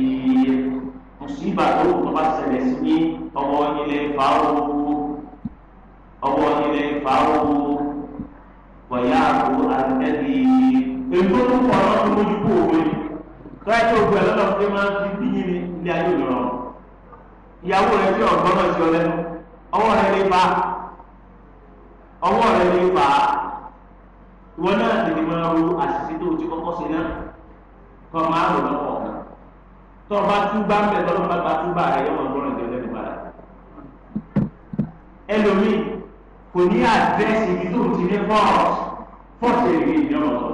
mùsùlùmí tó kọ́ bá ṣẹlẹ̀ sí ní ọwọ́ ilẹ̀ fàáwò ọwọ́ ilẹ̀ fàáwò wọ̀yà kó alẹ́rì èkó tó kọ́ ọ̀rọ̀ tó mójú kó òwe kíláàsì òkú ẹ̀ lọ́dọ̀ pé máa ń fi bíyìn ní ilé ayé òdòrò ìyàwó rẹ̀ tí ọ̀gbọ́n náà ọ lẹ́nu ọwọ́ rẹ̀ lè fa ọwọ́ rẹ̀ lè fa ìwọ náà sì ni máa ro àṣìṣe tó ti kọ́kọ́ ṣe náà kọ́ máa rò lọ́pọ̀ kan tó o bá túbà ń bẹ̀ tọ́lọ́ bá gba túbà rẹ̀ yọ̀mọ̀ gbọ́rọ̀ ìjọba ẹni padà ẹlòmíì kò ní àdírẹ́sì ibi tó o ti ní fọ́ọ̀sì fọ́ọ̀sì èrè ìjọba sọ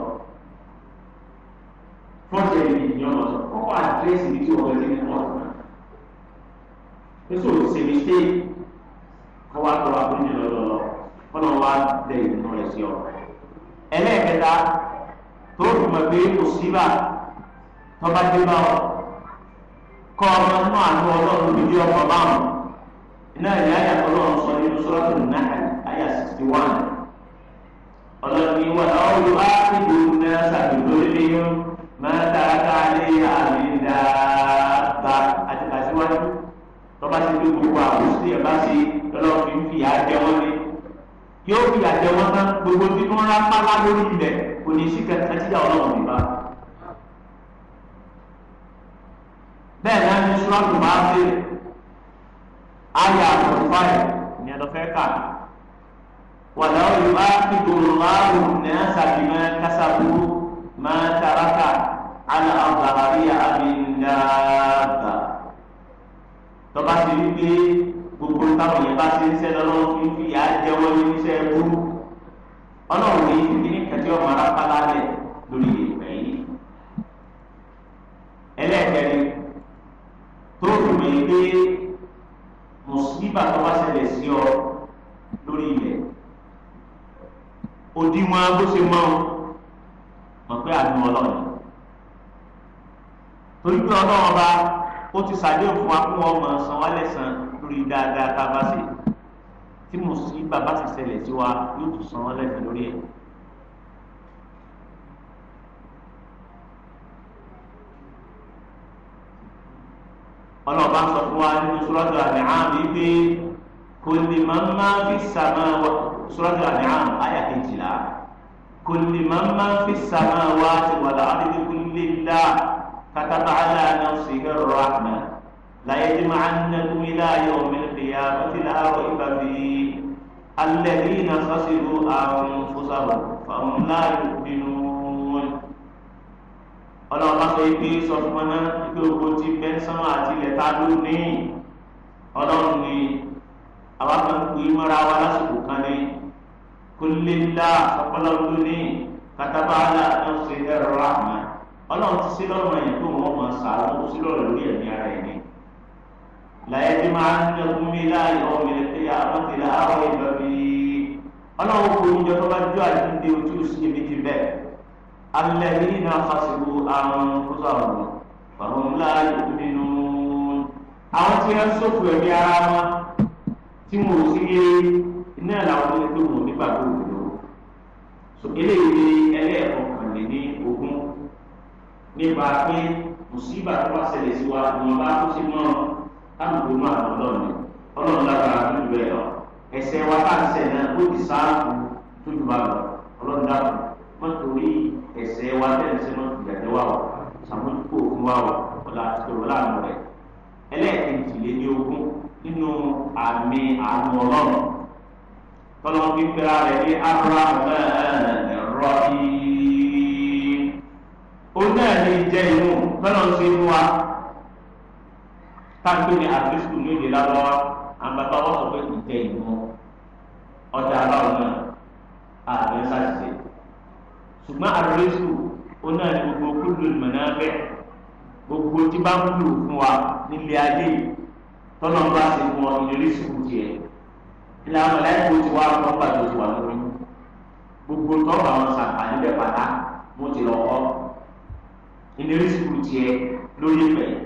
fọ́ọ̀sì èrè ìjọba sọ kọ́kọ́ àdírẹ́sì ibi tí o wọlé ní fọ́ọ̀sì náà pẹ̀sọ̀ òsèlè ṣe kọ́wá tọ́wá tó ń jẹ lọ́dọọlọ́ kọ́nà wá dẹ̀ ìdùnnú rẹ̀ sí ọ̀rọ̀ ẹlẹ́ẹ̀kẹta tó fi mọ̀ pé kò síbà tọ́ba dé bá ọ kọ́ ọmọ inú àánú ọlọ́run níbi ọmọ báwọn iná ìyá ayà ọlọ́run sọ nínú sọ́ọ́tù náà ayà sixty one ọlọ́run ìwà ọ̀rọ̀ ákìlú náà sàbẹ̀dọ́ lé yín máa tààtà lé àmì dáàbà àti kàṣíwájú tọ́ba ti dé gbogbo àwòsí ẹ̀ bá ṣe lọ́lọ́run fi ń fìyà jẹ wọ́n ní yóò fi àjẹ wọn tán gbogbo tí wọn rá pálá lórí ilẹ̀ kò ní sí kẹtìyà ọlọ́run nípa. bẹ́ẹ̀ náà ní sùràtù máa ṣe ayé àkọ́kọ́ ẹ̀ ní ẹ̀dọ́ fẹ́ kà wàlá yorùbá ti dòrò láàrú ní ẹ̀sàbí máa kásábú máa taraka àlà àgbàrí àbí ńláàbà tọ́ba ti rí pé gbogbo táwọn yẹn bá ṣe ń ṣe lọ́wọ́ fi fi yà á jẹ́wọ́ ní iṣẹ́ ẹ̀kú ọlọ́run yìí fi ní kẹtí ọmọ arápálá lẹ̀ lórí ìpẹ́ yìí. ẹlẹ́ẹ̀kẹrin tó fi mọ̀ yìí pé mùsùlùmí tó bá ṣẹlẹ̀ sí ọ lórí ilẹ̀ òdiwọ̀n bó ṣe mọ́ mọ̀ pé àánú ọlọ́run torí pé ọlọ́run ọba ó ti ṣàdéhùn fún wa fún ọmọ sanwó-alẹ́sàn lórí dáadáa tá a bá ṣe tí mùsíbà bá sì ṣẹlẹ̀ sí wa yóò tún san wọ́n lẹ́sìn lórí ẹ̀. ọlọ́ọ̀bá sọ fún wa nínú suratul An'am wípé kulli man ma fi samawa suratul An'am àyà kejìlá kulli man ma fi samawati wal ardi kulli lillah kataba ala nafsihi ar-rahmah. ليجمعنكم إلى يوم القيامة لا ريب فيه الذين خسروا أنفسهم فهم لا يؤمنون ọlọ́ọ̀bá sọ ibi sọ fún ọmọ ibi ogo ti bẹ́ńsán àti ilẹ̀ ta ló ní ọlọ́run ni àwọn kan pè é mọ́ra wa lásìkò kan ní kólélá ọpọlọ́run ló ní katabala náà ṣe ẹ̀rọ àmà ọlọ́run ti sí lọ́rùn ẹ̀yìn tó wọ́n mọ̀ sàrọ̀ ó sí lọ́rùn lórí ẹ̀mí ara ẹ̀ ní. ليجمعنكم إلى يوم القيامة لا ريب فيه ọlọ́run kò ní jọba bá jó àdúgbò ojú ìṣèbìtì bẹ́ẹ̀ alẹ́ yìí náà fásibu àrùn kúsọ̀rọ̀ pàrọ̀ ńlá yòókù nínú. àwọn tí wọ́n sọ̀fù ẹ̀mí ara wọn tí mo sì yé iná làwọn tó ń pè wọ́n nígbà tó wù lọ. eléyìí ni ẹlẹ́ẹ̀kọ̀kànlélí ogún nípa pé mùsíbà tó bá ṣẹlẹ̀ sí wa ni tó ṣe mọ́ káàdùn mọ́ àwọn ọlọ́ọ̀ni ọlọ́ọ̀ni lágbára tó ju bẹ́ẹ̀ lọ ẹsẹ̀ wa bá ń sẹ̀ náà ó ti sáàpù tó ju bá lọ ọlọ́ọ̀ni dàpọ̀ mọ́tò rí ẹsẹ̀ wa tẹ̀sí mọ́tò ìyàtẹ̀ wa wọ̀ sàmójúkò fún wa wọ̀ ọ̀la tòrò láàmú rẹ̀ ẹlẹ́ẹ̀kejìlé ní ogún nínú àmì àánú ọlọ́run tọ́lọ́mú gbígbéra rẹ̀ ní abraham ẹ̀rọ yìí ó náà ní jẹ́ inú tọ́lọ́mú sí inú wa káńtó ni àdísùkù ló dé lábọ́wá àgbàbá wọn sọ pé kò tẹ ìmọ̀ ọjà aláwọ̀ náà àbẹ̀ sàṣìṣe ṣùgbọ́n àdísùkù ó náà ní gbogbo kúlù mọ̀nà bẹ́ẹ̀ gbogbo tí bá ń wúlò fún wa nílé ayé yìí tọ́nà bá ti mú ọ ìlérí sùkù tiẹ̀ ilé àwọn ẹ̀láìkó ti wá nọ́mbà tó ti wà lórí gbogbo tọ́ọ̀bù àwọn sàǹfààní bẹ́ẹ̀ pàtà mo ti lọ́kọ́ ìlérí sùkù tiẹ̀ lórí ìfẹ̀yìí.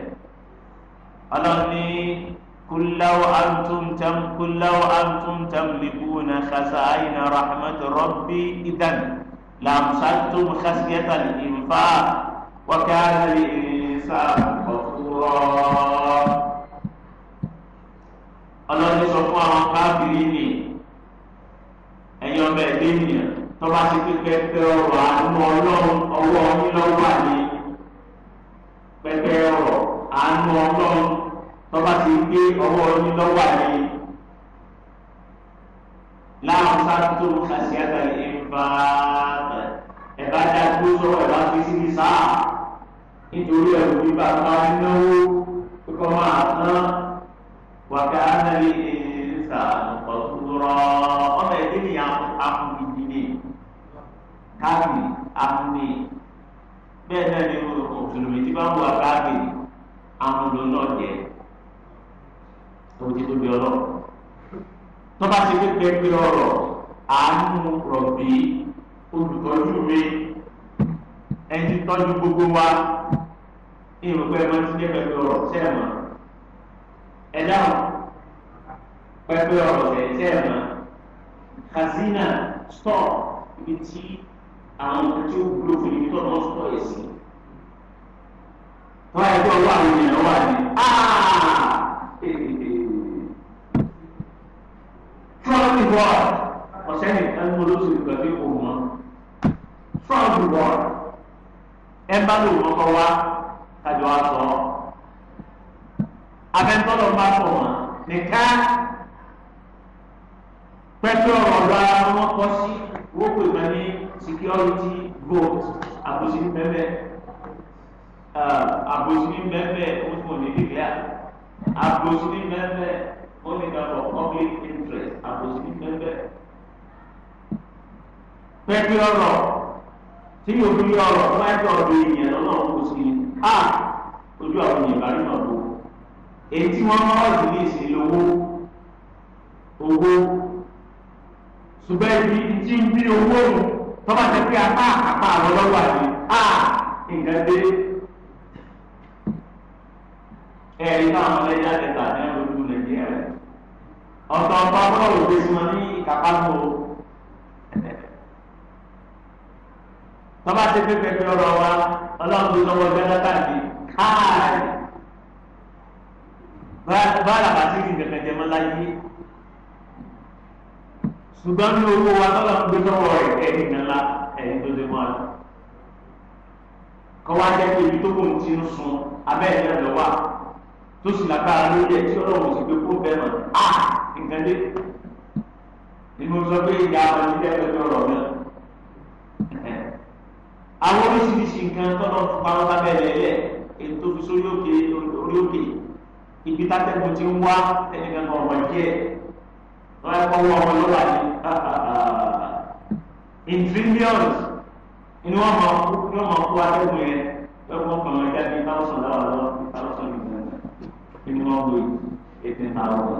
ọlọ́ni kulawo antum tam kulawo antum tam libuna khasa'ina rahmatu rabbi idan lamsantum khasiyata infa wa kana li insanu kafura. ọlọ́ni sọ fún àwọn káfíìn ni ẹ̀yin ọmọ ẹ̀dẹ́ ènìyàn tọ́ba ti pípẹ́ pé ọrọ̀ àánú ọlọ́run ọwọ́ yín àní pẹ́pẹ́ ọrọ̀ àánú ọlọ́run tọ́ba ti gbé ọwọ́ onídọ́wà ní láwọn sáàtò kàṣíàtà ìfà ẹ̀bá dágbó sọ̀rọ̀ ẹ̀bá fi síbi sáà nítorí ẹ̀rù bíbá bá náwó kíkọ́ máa tán wàkàrà lè ṣà ọ̀túnrọ̀ ọmọ ẹ̀dẹ́ ni amúnibí ni káàbì amúnì bẹ́ẹ̀ náà ni mùsùlùmí tí bá ń wà káàbì amúnlọ́lọ́ jẹ́ ojú tó bí ọlọ tọba ti fi pẹpẹ ọ̀rọ̀ àánú rọbì olùtọ́jú mi ẹni tọ́jú gbogbo wa ìrìn pé ẹmọ ti jẹ pẹpẹ ọ̀rọ̀ sẹẹmọ ẹdá pẹpẹ ọ̀rọ̀ sẹẹmọ kazina stọ ibi tí àwọn tí ó wúlò fún ibi tó náà stọ yẹ sí tọ́ ẹgbẹ́ ọwọ́ àwọn ènìyàn wà ní. reward ọ̀sẹ̀ nìkan ní olóṣèlú gbàgbé òun mọ́ strong reward ẹ bá lò wọ́n kọ́ wá kájọ wá sọ abẹ́ńtọ́lọ́ bá sọ wọn nìkan pẹ̀tọ́ ọ̀rọ̀ ara wọn kọ́ sí wọ́n pè wọ́n ní security vote àbòsí bẹ́ẹ̀ àbòsí bẹ́ẹ̀ ó fún ní ìgbéyà àbòsí bẹ́ẹ̀ ó ní ká for public interest àbòsí pẹ́pẹ́. pẹ́pẹ́ ọ̀rọ̀ tí yóò fi ọ̀rọ̀ fún ẹ̀tọ́ ọ̀dọ̀ èèyàn lọ́nà kò sí a ojú àwọn èèyàn bá rí náà bò. èyí tí wọ́n máa wà ní ìsìn lówó owó ṣùgbọ́n ibi tí ń bí owó òun tọ́ba ti pé apá apá àwọn lọ́wọ́ àti a nǹkan dé. ẹ̀rí náà ọmọdé jáde tàbí ẹ̀rọ ọ̀tọ̀ ọ̀pá bọ́ọ̀lù gbé sí wọn ní ìkápámọ́ o. tọ́ba ti pé pẹpẹ ọ̀rọ̀ wa ọlọ́run ti lọ́wọ́ jonathan di káàdì báyà bá sí ìdí kẹ̀kẹ́ jẹ́ mọ́lá yé ṣùgbọ́n ní owó wa tọ́lá ń gbé lọ́wọ́ rẹ̀ ẹ̀yìn ńlá ẹ̀yìn tó dé mọ́ ọ kọ́wá jẹ́ pé ibi tó kò ń ti ń sun abẹ́ ẹ̀yìn lọ́wọ́ tó sì lágbára lórí ẹ̀ tí ọlọ́run sì gbé kó bẹ́ẹ̀ mọ̀ á. Ah! nǹkan dé ni mo sọ pé ìyá àwọn ìdílé ẹgbẹ́ ọ̀rọ̀ náà àwọn oríṣiríṣi nǹkan tọ́nà pàrọ̀ lábẹ́rẹ́ lẹ̀ èyí tó fi sórí òkè orí òkè ibi tátẹ́kùn ti ń wá ẹnìkan kan ọ̀mọ̀ díẹ̀ wọ́n á kọ́ wọ ọmọ lọ́wọ́ ní in trillions inú wọn máa kú ní wọn máa kú atẹ́kùn yẹn lọ́gbọ́n kan máa jáde táwọn sọ̀rọ̀ àwọn ọ̀rọ̀ táwọn sọ̀rọ̀ ìgbìmọ̀ inú wọn gbé ètè táwọn ọ̀rọ̀.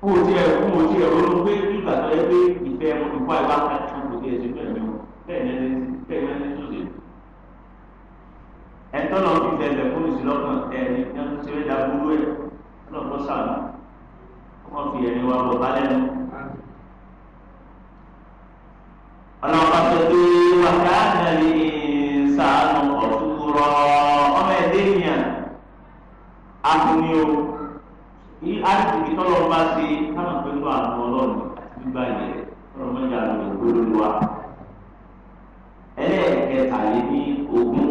kó o tiẹ̀ kó o tiẹ̀ ronú pé nígbà tó yẹ pé ìfẹ́ mo ìfọ́ ẹ̀ bá kan tí kò tiẹ̀ sí pẹ̀lú bẹ́ẹ̀ ní ẹni bẹ́ẹ̀ ní ẹni tó ṣe. ẹ̀tọ́ náà fi bẹ̀rẹ̀ fún ìsìlọ́kàn ẹni ẹni tó ṣe dá burú ẹ̀ lọ́kọ́ sàánú kó wọ́n fi ẹ̀rín wa bọ̀ bá lẹ́nu. ọlọ́pàá tó dé wàkà nàlẹ́ ìsàánú ọ̀tún ọmọ ẹ̀dẹ́ ènìyàn á o àdìsí tọ́lọ́ bá ṣe káwọn pẹ̀lú àwọn ọlọ́run nígbà yẹn ọ̀rọ̀ mọ́jà ló ń gbóló wa. ẹlẹ́ẹ̀kẹta yìí ní ogún.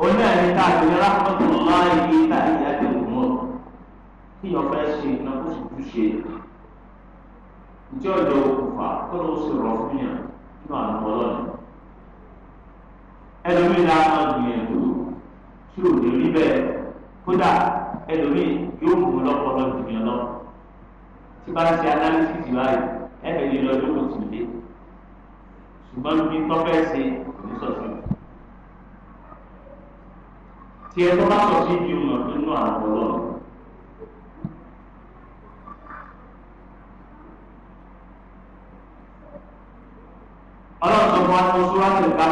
onílẹ̀ ta àgbèrè rákọ́tù láàyè ta ìyáàdì òmùọ́ kí yọ fẹ́ ṣe iná kó sì tún ṣe. ìjọ ìjọ òkùnfà kó ló sì rọ̀ fún yàn nínú àwọn ọlọ́run. ẹlòmíràn á máa gbìyànjú tí ò ní rí bẹ́ẹ̀ kódà ẹlòmíì yóò mú lọ́pọ̀lọ́ ìdùnnú lọ tí bá ń ṣe analysis báyìí ẹ̀fẹ̀ lè lọ lóko tì lé ṣùgbọ́n bí tọ́fẹ́ ṣe kò ní sọ̀tì. tí ẹ tó bá sọ̀tì ju mọ̀ tó nú àwọn ọlọ́run. ọlọ́run tó bá tó sórí àtẹ̀ká.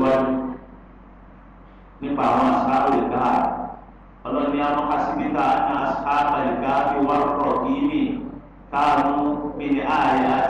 tẹ̀síwájú nípa àwọn àṣàbò ìgbà ọlọ́ni amọ́kásíbítà náà àṣàbò ìgbà fi wá rọ̀ kí ní káàánú mi ní ààyè àti.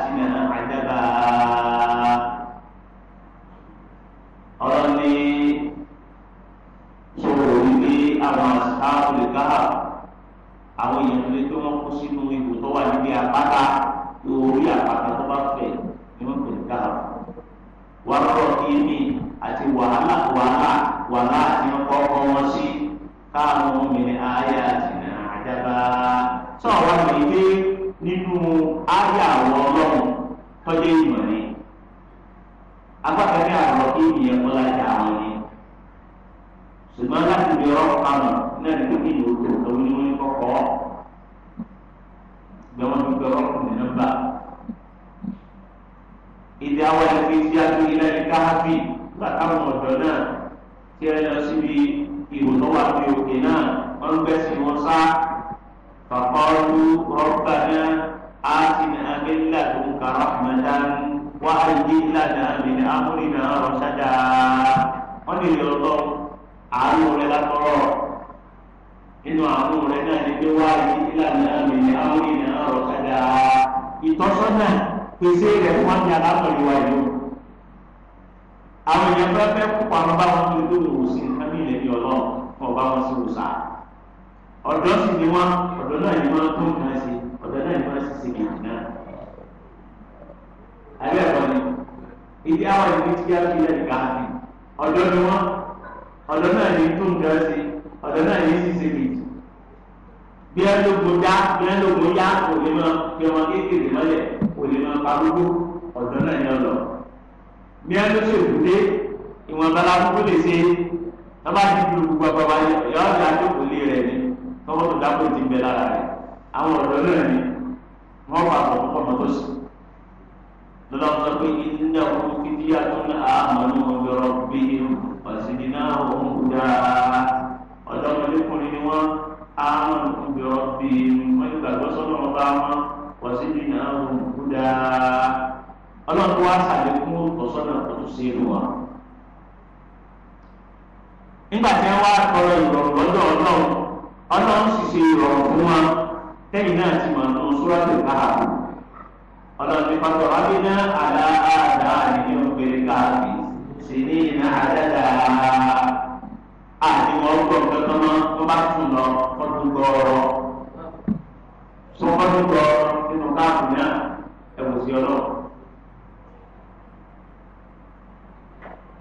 àwọn olùkúbi ọbẹ wọn ìgbàgbọ́ sọ́dọ̀ ọba wọn wọ́n sì ní àwọn olùkúdà ọlọ́run wá sàlékún òtọ́sọ́nà ọ̀tún sí inú wa. nígbà tí wọ́n wá tọrọ ìrọ̀rùn lọ́dọ̀ ọlọ́run ọlọ́run sì ṣe ìrọ̀rùn fún wa tẹ́yìn náà ti mọ̀ nù súrọ́tì káàbù ọlọ́run ti pàtó abiná àlá àdá àdéhùn pé káàbì sí ní ìná àdáda àti wọn gbọ́ nǹkan mọ́ tó bá tún lọ fọ́tún gbọ́ọ̀rọ̀ tó fọ́tún gbọ́ọ̀rọ̀ nínú káàpù náà ẹ̀wù sí ọlọ́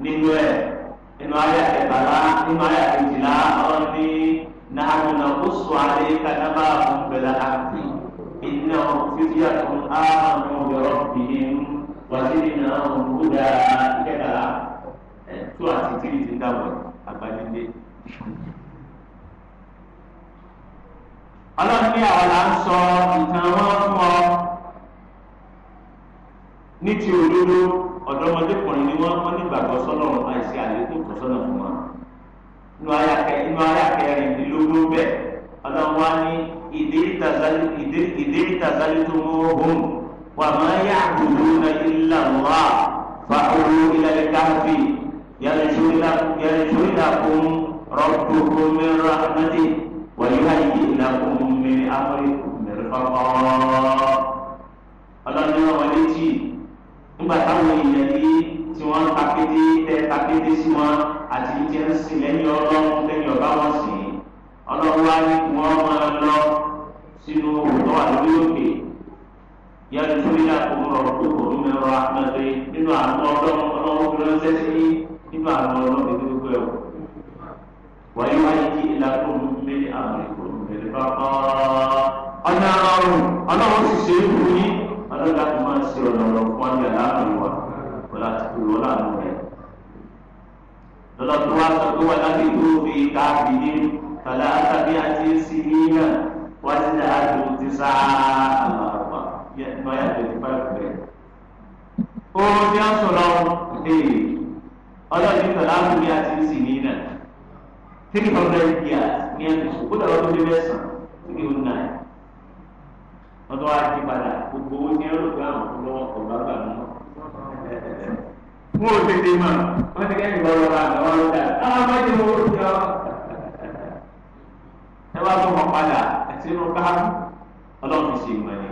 nínú ẹ̀ nínú ayé àtẹ̀bàlá nínú ayé àtẹ̀jìlá ọ̀rọ̀ ní nàánú nà ó sọ àlẹ́ kánábà fún bẹ̀rẹ̀ àti iná fífi àtún áhàmù yọrọ bìhín wàjírí náà ń kú dáa kẹ́kẹ́ tó àti tìrìtì dáwọ̀ yìí àgbàdìde. ọlọ́run ní àwọn là ń sọ ìtàn wọn fún ọ ní ti òdodo ọ̀dọ́mọdékùnrin ni wọ́n wọ́n nígbàgbọ́ sọ́lọ́run àìsí àlékún tọ́sọ́nà fún wọn. inú ayá kẹrin ni ló gbó bẹ́ẹ̀ ọlọ́run wá ní ìdérí tàzálí tó mú ohun wà máa yá àbùdó náà ilà wà fàáwó ilẹ̀ káfíì. يرجو لكم ربكم من رحمته ويهيئ لكم من أمركم مرفقا ọlọ́run ní wọn létí nígbà táwọn èèyàn yìí tí wọ́n ń takété tẹ takété sí wọn àti jẹ́ ń sìn lẹ́yìn ọlọ́run lẹ́yìn ọba wọn sìn ọlọ́run wá ní kí wọ́n máa lọ sínú òótọ́ àlórí òkè yẹn tó yẹ kó ń rọ̀ kó kò ń mẹ́rọ àpẹẹrẹ nínú àwọn ọlọ́run ọlọ́run fi ránṣẹ́ sí yìí nínú àwọn ọlọ́dẹ tó gbẹ o wàyí wáyé tí ìlàkùn ń gbé àwọn èkó ìbẹ̀rẹ̀ bá bá ọ̀nà ọ̀run ọlọ́run sì ṣe é wù yín ọlọ́dà tó máa ń ṣe ọ̀nà ọ̀rọ̀ fún ọ̀nà láàrin wa wọlé àti kúrò láàrin rẹ̀ lọ́dọ̀ tó wá sọ pé wọ́n lábẹ́ ìlú òbí káàbì ní kàlá àtàbí àti sí yíyá wá sí àjò ti sáà àmà àgbà yẹn ní wáyà twenty five rẹ̀. oorun tí wọ́n sọ lọ́wọ́ ọlọ́run ní sọ̀rọ̀ àbúrò yá ti ń sì ní náà three hundred years ní ẹ̀sùn kó dàrọ́ tó dé mẹ́sàn-án three hundred nine ọdún wa ti padà gbogbo owó ní ẹrù gbà wọn lọ́wọ́ kọ̀ bá gbà mọ́. wọn ò tètè mọ wọn ti kẹ́yìn bọ́ lọ́wọ́ àgbà wọn lọ́dà àwọn ọmọ ìdìbò owó jọ. ẹ wá fún wọn padà sínú káàbù ọlọ́run ṣe ìmọ̀ ni.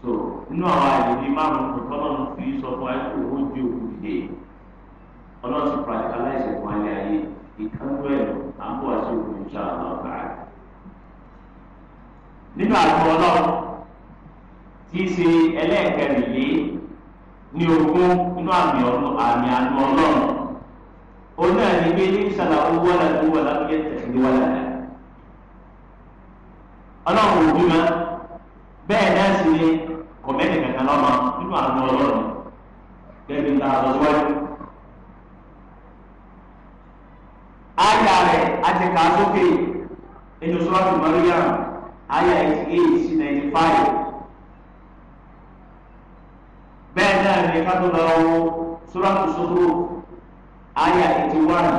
so inú àwọn àyè ní márùn-ún tó tọ́lọ́run fi sọ fún ayé owó ju òkú dìde ọlọ́run ti practicalize fún alẹ́ ayé ìkánú ẹ̀ lọ à ń bọ̀ àti òkú ìṣá àwọn ọ̀gá rẹ̀. nínú àgbo ọlọ́run tí í ṣe ẹlẹ́ẹ̀kẹrìnlé ní ogún nínú àmì àánú ọlọ́run òun náà ní pé ní ìṣàlà owó wà láti wà láti yẹ tẹ̀síwájú wà láti. ọlọ́run ò bímọ bẹ́ẹ̀ náà sì ni kọ̀mẹ́tì kankan lọ́mọ nínú àgbo ọlọ́run gẹ́gẹ́ bí ta àlọ́ àyà rẹ̀ àti kà á sókè nínú sọ́ọ̀tù Maryam àyà eighty eight sí ninety five bẹ́ẹ̀ náà ní ká tó lọ wo sọ́ọ̀tù sọ́ọ̀tù àyà eighty one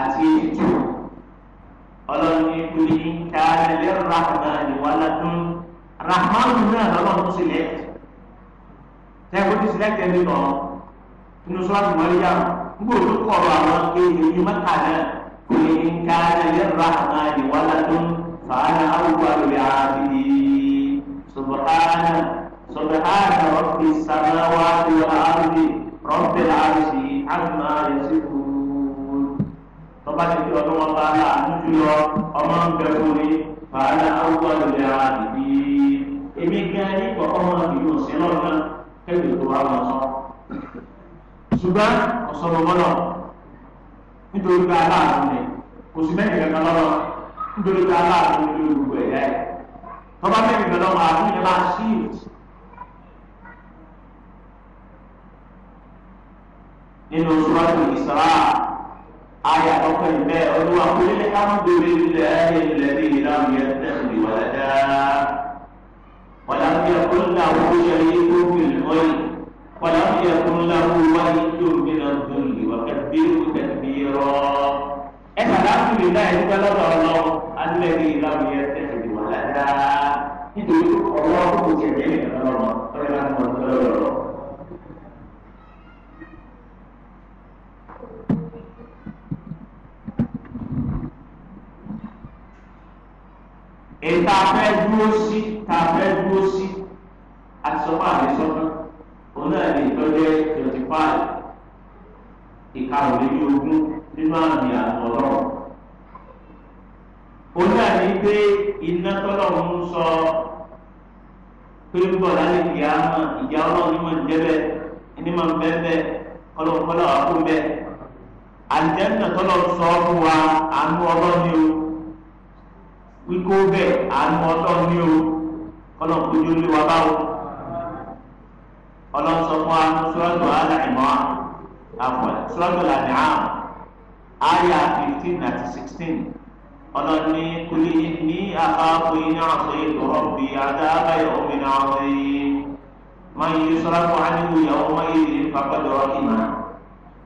àti eighty two ọlọ́ni kuli kana lirrahmani waladun rahmanu náà lọ́lọ́run tó sì lẹ́yìn tẹ́kọ̀ tó sì lẹ́yìn tẹ́lẹ̀ lọ nínú sọ́ọ̀tù Maryam nígbà tó kọ̀rọ̀ àwọn èèyàn yìí mẹ́ta náà pé nǹka ẹ̀yẹ rahama ni wọ́n lọ tó ń fàánà awùwà lórí àbídí subahana subahana rọ̀bì sàmáwá tó àbídí rọ̀bì làbísí àmà yẹsìkú. tọ́ba ti di ọdún wọn bá a láàánú jùlọ ọmọ ń bẹ fún mi fàánà awùwà lórí àbídí. èmi gan-an ní kọ̀ọ̀kan wọn kì yóò sí lọ́nà kẹ́lẹ́ tó wà wọn sọ ṣùgbọ́n ọ̀sọ̀rọ̀ mọ́nà nítorí pé aláàbò ni kò sí mẹ́rin kankan lọ́rọ̀ nítorí pé aláàbò ni lórí gbogbo ẹ̀yà ẹ̀ tọ́ba mẹ́rin kankan lọ́rọ̀ àbí yẹn máa ṣí ìt nínú sùrọ̀tù ìsàrà ayà ọkọ̀ ìbẹ́ olúwa kò nílé káwọn dèrè ilẹ̀ ayé ilẹ̀ bí ìlànà yẹn tẹ̀sí wàlẹ̀ dáa wàlẹ̀ àti ẹ̀kọ́ nígbà wọ́n ṣe é kó fi ìlú ọ̀yìn. ولم يكن له ولي من الذل وكبره تكبيرا إن الحمد لله بلغ الله الذي لم يتخذ ولدا nítorí ọlọ́run kò tiẹ̀ jẹ́ ìrìn lọ́rọ̀ ọ̀rẹ́ láti mọ̀ nípa lọ́rọ̀. èyí tá a fẹ́ dúró sí tá a fẹ́ dúró sí àti sọ́kọ́ àti sọ́kọ́ òun náà ní ìtọ́jẹ́ twenty five ìkarùnlélí ogún nínú àmì àtọ̀rọ̀ òun náà ní pé iná tọ́lọ̀ ń sọ pé ń bọ̀ lálẹ́ kìá mọ̀ ìjà ọlọ́run ní mọ̀ ń jẹ́bẹ̀ ní mọ̀ ń bẹ́ẹ̀ kọlọ́kọlọ́ àkó bẹ́ẹ̀ àjẹ́ńtà tọ́lọ̀ sọ fún wa àánú ọlọ́ni o wíkó bẹ́ẹ̀ àánú ọlọ́ni o kọlọ́kọjọ́ lé wa báwo ọlọ́sọ̀fọ́ sọ́dọ̀ alàìmọ́ àfọ̀ sọ́dọ̀ làdìhàn àyà fifteen àti sixteen ọlọ́ni kuli ní àkàkọ́ iná ọ̀sẹ̀ ìtọ́rọ̀ bí adáàbá yọ̀ mí náà ọ̀sẹ̀ yìí máa ń yí sọ́dọ̀ àníwò yàwó máa yí lè fagbọ́dọ̀ ìmọ̀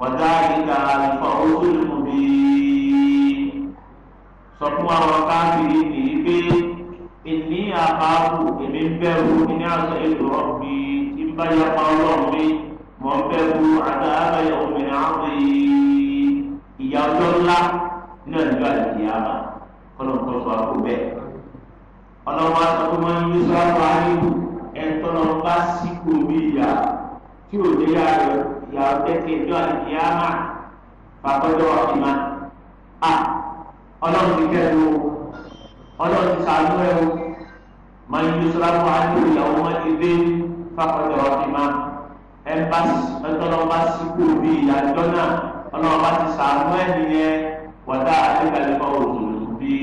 wàdáàyíká àlùfọ́ olùmọ̀ bí sọ àwọn káàkiri nìyí pé ìní àkàkọ́ èmi ń bẹ̀rù ní àṣẹ ìtọ́rọ̀ bíi bá yapa ọlọ́run pé mọ̀ ń fẹ́ bu àgbà abẹ́yẹ obìnrin àwọn ìyá ọjọ́ ńlá nínú ìjọ àdìsí àmà kọ́nà tó sọ àpò bẹ́ẹ̀. ọlọ́wọ́ aṣọ́kọ́ máa ń yí sọ́ọ́tọ̀ àríwú ẹ̀ńtọ́ lọ bá síkò bí ìyá tí ò dé yá rẹ̀ ìyá ọjọ́ ti ìjọ àdìsí àmà fàkọ́jọ́ ìmá. a ọlọ́run ti kẹ́ ló ọlọ́run ti sàánú o máa ń yí sọ́ọ́tọ̀ àríwú ìyàwó máa ti dé fákọ̀jọ ọ̀dìmá ẹ̀ńbásí ẹ̀ńtọ́lọ́mbásí kú bí ìyàjọ́ náà ọlọ́ọ̀bá ti sàánú ẹ̀mí yẹn wọ̀dà àdégbàlẹ́fọ́ òtò bí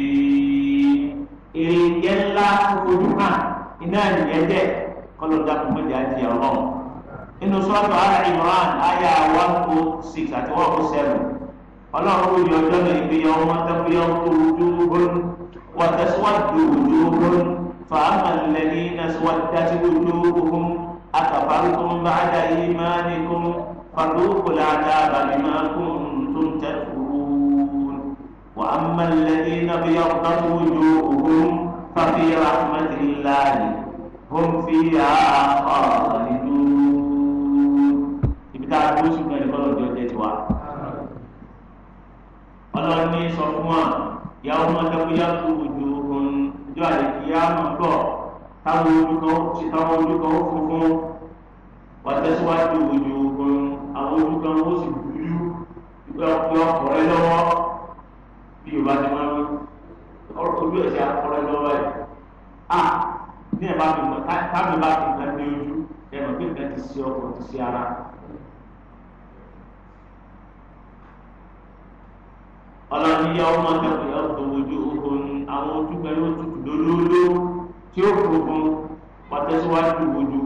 èrè ńlá fojú hàn iná ẹ̀yẹ jẹ́ kọ́lọ́dà kò mọ̀jà ti ọlọ́run nínú sọ́ọ̀tù ara Imran aya one oh six àti one oh seven ọlọ́run kò yọ ọjọ́ náà ìgbéyàwó mọ́tàkùyàwó tó ojú gbóná wọ́n tẹ̀síwájú ojú gbóná. فأما الذين اسودت وجوههم أكفرتم بعد إيمانكم فذوقوا العذاب بما كنتم تكفرون وأما الذين ابيضت وجوههم ففي رحمة الله هم فيها خالدون ibita tó ṣùgbọ́n ẹ̀rọ lọ́jọ́ sọ fún wa yàwó mọ́tẹ́kù yàtò ojú ohun ìjọ àdìkì yá táwọn ojú ti táwọn ojú funfun wà tẹ̀síwájú ojú ogun àwọn ojú kan ó sì dúdú ìgbà ọkùnrin ọkùnrin lọ́wọ́ bí yorùbá ti máa ń ojú ẹ̀sẹ̀ ọkùnrin lọ́wọ́ ẹ̀ a ní ẹ̀ bá fi mọ̀ tábìlì bá fi nǹkan ní ojú ẹ̀ pé nǹkan ti sí ọkùnrin ti sí ara. ọlọ́run yíyá ọmọ tẹ̀kọ̀ yọ̀ tó ojú ogun àwọn ojú kan yóò tutù lólóóló tí ó funfun pàtẹ́síwájú ojú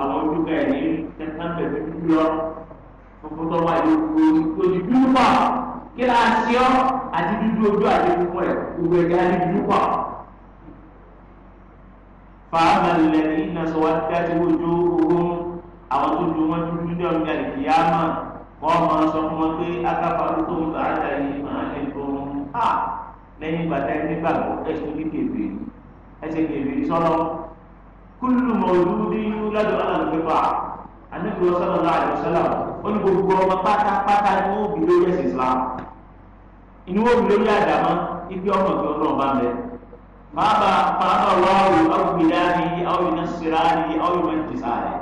àwọn ojúgbà ẹ̀ ní tẹ́tánbẹ̀ dúdú lọ funfun tó wà ní ojú ojú dúdú pa kí la ṣe ọ́ àti dúdú ojú àti funfun ẹ̀ gbogbo ẹ̀ gáà ní dúdú pa. fàámà lẹ́ni iná sọ wá dájú ojú ogun àwọn tó ju wọn dúdú ní ọ̀gá ìyáàmà wọ́n máa sọ fún wọn pé akápàdé tó ń bá àjà yìí máa ń lè tó lẹ́yìn ìgbà tẹ́lẹ̀ nígbàgbọ́ ẹ̀sùn ní kébè ẹsẹ̀ kẹfẹ́ ní sọ́lọ́ kúlù mọ̀lúdí lọ́dọ̀ alágbèpá anábì sallallahu alaihi wasallam ó ní gbogbo ọmọ pátápátá ni wọ́n bí lórí ẹ̀sìn Islam inú wọn bí lórí àdàmọ́ ibi ọmọ tó náà bá mẹ́ bàbá bàbá wàhùn ọ̀gbìnrin àwọn ìnáṣẹ́ra ni àwọn ìmọ̀ntìsá rẹ̀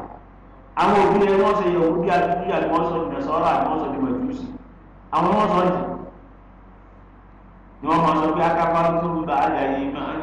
àwọn òbí rẹ̀ wọ́n sọ yẹ òbí àdúgbò àti wọ́n sọ ìdẹ̀sọ́rọ̀ àti wọ́n sọ ìdìmọ̀júùsì àwọn wọ́n sọ ìdì ni wọ́n máa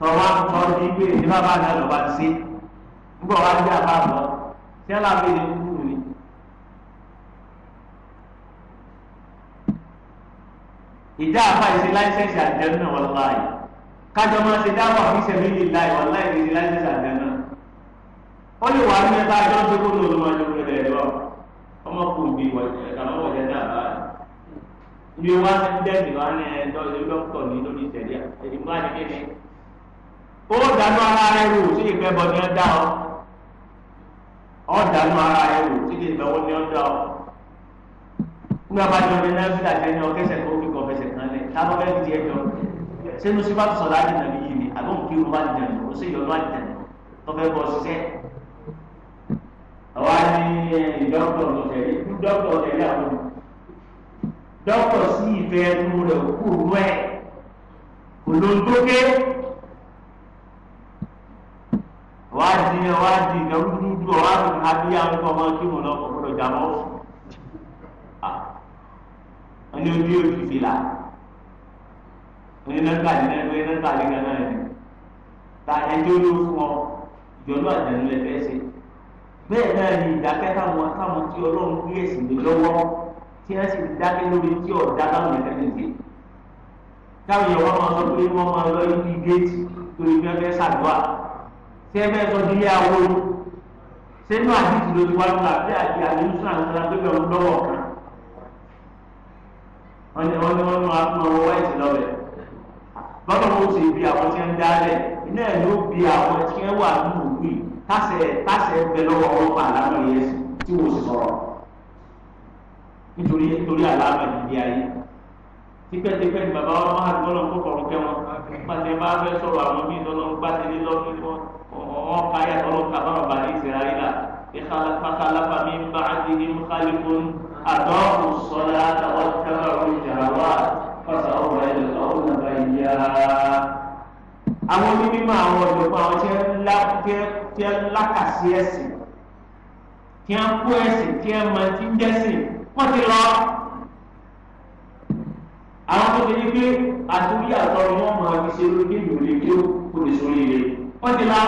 tọwọ́ akọ ní pé ní bàbá náà lọ́ba ṣe nígbà wá dé àbábọ̀ ṣé alábẹ́rẹ́ kúrú ni. ìjà àpá ìṣe láìsẹ̀nsì àjẹmọ́ náà wọ́n láàyè kájọ máa ṣe dáwọ́ àfíṣẹ́ méjì láì wọ́n láì fi ṣe láìsẹ̀nsì àjẹmọ́ náà. ó lè wà ní ẹgbẹ́ àjọ tó kó lóun máa lóun rẹ̀ lọ ọmọ kò bí wa ń ó dànù ara rẹ rò tí kì í fẹ́ bọ ní ọdá ọ ọ dànù ara rẹ rò tí kì í fẹ́ wọ ní ọdá o nígbà bá jọ ní náà fílà jẹ ní ọkẹsẹ tó fi kọ fẹsẹ̀ kan lẹ tábọ bẹ́ẹ̀ fi tiẹ̀ jọ sínú sí bàtú sọlá jẹ nàbí yìí ni àbọ nkí wọn bá jẹ nù ó sì yọ ọ náà jẹ nù tọfẹ bọ ṣiṣẹ́ àwa ní dókítà lọtẹ ikú dókítà lọtẹ ní àwọn dókítà sí ìfẹ́ tó rẹ kúrú ẹ kò ló ń tó ké wàá di wàá di nǹkan dúdú wàá di abíyá ń tọ́ ọmọ kí mo lọ kọ́ lọ jàmọ́ ah, ẹni ojú yóò fi fìlà ẹni náà kàdé náà ẹni náà kàdé náà ẹni ta ẹjọ́ ló fún ọ ìjọba àjẹnú ẹ fẹ́ ṣe bẹ́ẹ̀ náà ni ìdákẹ́ táwọn táwọn tí ọlọ́run gbé ẹ̀sìn lé lọ́wọ́ tí wọ́n sì dákẹ́ lórí tí ọ̀dá táwọn ẹ̀fẹ́ lè dé táwọn yẹn wọ́n máa sọ pé wọ́n máa lọ ibi géètì torí fẹ́ẹ́ fẹ́ ṣàdúrà ṣé ẹ fẹ́ sọ di ilé awo ni ṣé inú àdìsí ló ti wá lọ àbí àti àdìsúnà àdìsúnà tó bẹ̀rù lọ́wọ́ kan wọ́n ní wọ́n ní wọ́n ní wọ́n á tún ọwọ́ wáìtì lọ́bẹ̀ lọ́nà wo ti bí àwọn tí ń dálẹ̀ iná ẹ̀ ló bí àwọn tí ń wà nínú ìwé tásẹ̀ tásẹ̀ bẹ lọ́wọ́ wọn pa àlámọ̀ yẹn tí wọ́n sọ̀rọ̀ nítorí nítorí àlámọ̀ ìdí ayé tipẹ́tipẹ́ ni bàbá wọn máa gbọ́ lọ kó kọ̀ọ̀rọ̀ kẹ́ wọn pàṣẹ bá fẹ́ sọ̀rọ̀ àwọn míì tó lọ ń gbá sílé lọ fún wọn káyà tó lọ kà bọ́rọ̀ bàdé ìsirà yìí la ìkàlàkàlàkà mi ń bá àti ní mùkálí fún àtọ́ òsọ̀lá àtàwọn kẹfà òun ìjàrá wa fọ́sà ọ̀rọ̀ ẹ̀ lọ́wọ́ nàbà ìyá. àwọn mímímọ́ àwọn ọ̀dọ́gbọ́n àwọn tí ẹ lákàsí ẹ̀sìn tí ẹ ẹ̀sìn tí ń jẹ́sìn wọ́n àwọn tó ti gbé àtúndí àtọ ni wọn máa fi ṣe lórí ìlú lè tó kó lè sórí rẹ wọn ti la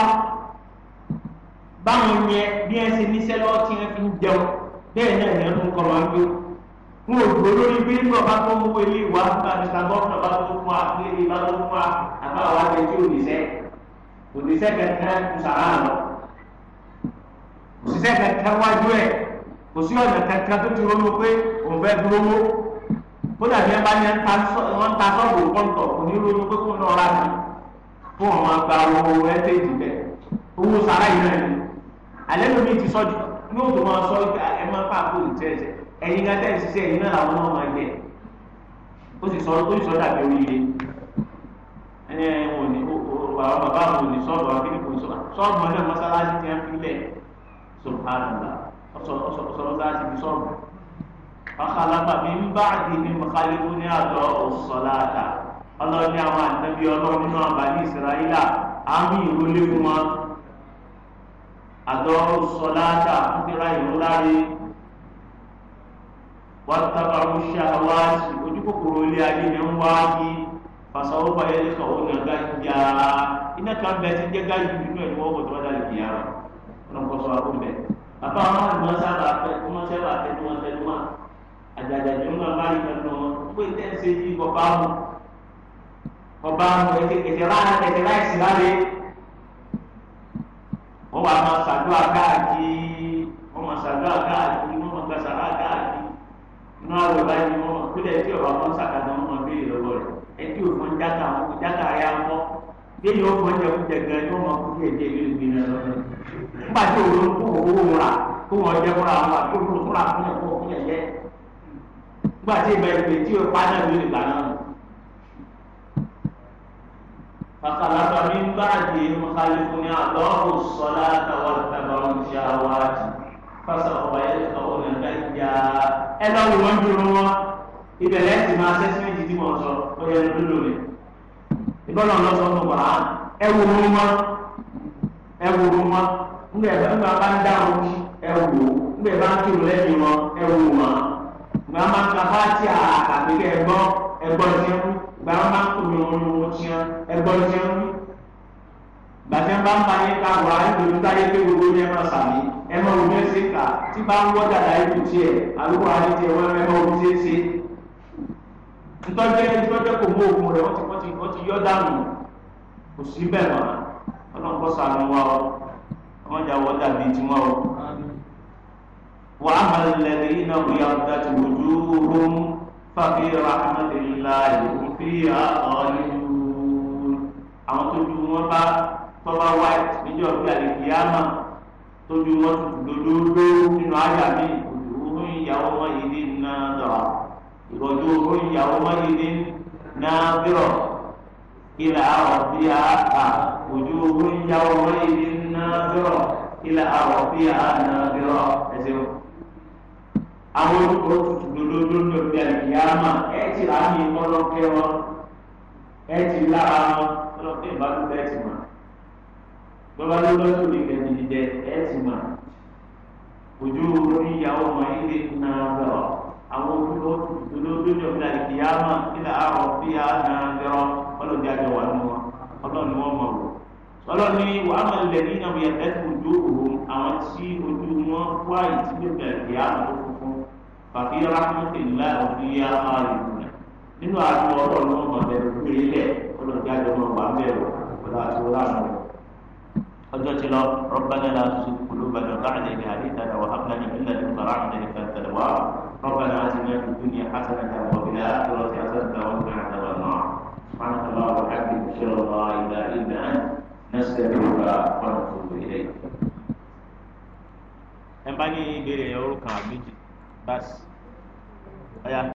báwọn yẹn bí ẹ ṣe níṣẹ́ lọ tí wọn fi ń jẹun bẹ́ẹ̀ náà ni wọn tún kọ wọn gbé wọn ò gbó lórí pé nígbà bá tó mú ilé ìwà nígbà nígbà gómìnà bá tó fún wa ilé ìbá tó fún wa àbáwá wa jẹ tí ò níṣẹ́ kò níṣẹ́ sàrà lọ kò síṣẹ́ wájú ẹ kò sí ọ̀nà kankan tó ti ronú pé òun fẹ́ dúró mọ́ kódà bí wọn bá yẹn wọn ta sọ́ọ̀bù kọ́ńtọ̀ kò ní ronú pé kó lọ́ọ́ rà mí fún àwọn àgbà owó ẹ́tẹ́jì bẹ́ẹ̀ owó sara yìí náà ni alẹ́ lómi ti sọ́jú yóò tó máa sọ ah, ẹ máa fà kó lè tẹ̀ ẹ̀yin gata ẹ̀ ṣiṣẹ́ ẹ̀yin náà làwọn náà máa jẹ ó sì sọ ó sì sọ dàbí oríire ẹni ẹ̀ wò ní àwọn bàbá wò ní sọ́ọ̀bù akíní kò sọ́ọ̀bù sọ́ọ̀bù ọ̀dẹ́ mọ́sálásí ti ń fi lẹ̀ sọ̀rọ̀ àrùn fàkàlàmà mi ń bá àdìní mọ̀kálífù ní àjọ ọ̀sọ̀láàdà ọlọ́ọ̀ni àwọn ànábì ọlọ́run nínú àbáni ìsirayílà àmì ìrólé fún wọn àjọ ọ̀sọ̀láàdà fúnra ìrúláre wọ́n tábàrú ṣàwáṣì ojú kòkòrò ilé ayé ni ń wáyé fasawọ́pá yẹn ní kàwọ́ ní ọ̀gá ìyá iná kan bẹ ti jẹ́ gáyìí nínú ẹ̀ ní wọ́n kò tó wá dálé ìyá rẹ̀ ọlọ́kọ̀ọ́sọ àbúrò bẹ́ẹ̀ bàbá wọn máa ń gbọ́n sábà fẹ́ wọ́n sábà fẹ́ wọ́n tẹnu máa àjàjà tó máa bá yìí lọ́nà pé tẹ́sí yìí bọ̀bá mu bọ̀bá mu ẹ̀kẹ̀kẹ̀ láàrin ẹ̀kẹ̀ láìsí láre wọ́n wà máa ṣàdúrà káàkiri wọ́n máa ṣàdúrà káàkiri wọ́n máa gbàsàrà káàkiri inú àrò báyìí wọ́n kúlẹ̀ tí ọ̀rọ̀ àwọn sàkàdà wọn máa béèrè lọ́wọ́ rẹ̀ ẹtí òfin jáka àwọn jáka rẹ̀ àwọn bẹ́ẹ̀ni ó fọ́n jẹun jẹgẹ ni wọ́n máa kú bí ẹ̀jẹ̀ ìlú ìgbìn náà lọ́wọ́ nígbà tí òun kó owó wọn rà kó wọn jẹ fúnra wọn àti òun fúnra fún ẹ̀kọ́ fún ẹ̀jẹ̀ nígbà tí ìgbà ìpè tí o pa náà lórí ìgbà náà. فخلف من بعدهم خلف أعطاه الصلاة واتبعوا الشهوات فسوف يلقون غيا ẹlọ ni wọn dúró wọn ìbẹ̀rẹ̀ ti máa sẹ́sìmẹ́ǹtì tí wọ́n sọ ó yẹ ló lò lẹ̀ ìbọ̀lọ̀ lọ́sọ̀ ọ̀nà wà á ẹ wò ó wọn ẹ wò ó wọn ńgbẹ̀ bá bá ń dáhùn ẹ wò ó ńgbẹ̀ bá ń kírun lẹ́yìn wọn ẹ wò ó wọn gba máa ń ka fáti àkàbí kẹ ẹgbọ́n ẹgbọ́n tiẹ̀ ń gba máa ń kó mi wọn wọn tiẹ̀ ẹgbọ́n tiẹ̀ ń gbàtẹ́ bá ń fani ká wà á lórí táyé pé gbogbo ní ẹ máa sàmì ẹ máa wò bẹ́ẹ̀ sí kà tí bá ń wọ́ dàda ibù tiẹ̀ àlùkò àti tiẹ̀ wọ́n ẹ máa wò tiẹ̀ ṣe. ntọ́jẹ́ ntọ́jẹ́ kò mú òògùn rẹ̀ wọ́n ti wọ́n ti wọ́n dànù kò sí bẹ́ẹ̀ mọ́ ọlọ́nkọ́sà ni wọ́n ọ ọmọdé àwọn dàbí tiwọn o. وأما الذين ابيضت وجوههم ففي رحمة الله هم فيها خالدون àwọn tójú wọn bá tọ́ba white níjọ́ bí àlèkìyàmà tójú wọn dodo ló nínú àyà mi òhun ìyàwó wọn yìí ní náà dọ̀rọ̀ ìrọ̀jú òhun ìyàwó wọn yìí ní náà dọ̀rọ̀ ilà àwọn bí a kà òjú òhun ìyàwó wọn yìí ní náà dọ̀rọ̀ ilà àwọn bí a náà dọ̀rọ̀ ẹ̀sìn àwọn olùkọ́ lólóńdó bí àlìyáàmà ẹ ti rà ní ọlọ́kẹ́ wọn ẹ ti lára wọn ọlọ́kẹ́ ìbálòpọ̀ ẹ ti mọ̀ bọ́lá lọ́lọ́sọ̀ ní kẹ́ndìdìdẹ ẹ ti mọ̀ ojú orí ìyàwó ọmọ ilé náà lọ àwọn olùkọ́ lólóńdó bí àlìyáàmà nílẹ̀ àrọ̀ bí a náà lọ ọlọ́dẹ àjọ wà nù wọn ọlọ́ni wọn mọ̀ wò ọlọ́ni wà á mọ̀ lẹ́yìn àwọn tí fàfi rahmatillah òfin yá máa yìí kù nínú àti ọ̀rọ̀ ní wọn bẹ̀rẹ̀ gbé ilẹ̀ ọlọ́dún àjọ wọn wà bẹ̀rẹ̀ ọ̀la àti ọ̀la nù. ọjọ́ ti lọ rabbana la tuzigh qulubana ba'da idh hadaytana wa hab lana min ladunka rahmatan innaka antal wahhab rabbana atina fid dunya hasanatan wa fil akhirati hasanatan wa qina adhaban nar سبحانك اللهم وبحمدك اشهد ان لا اله الا انت نستغفرك ونتوب اليك ẹ bá ní atas. ayah.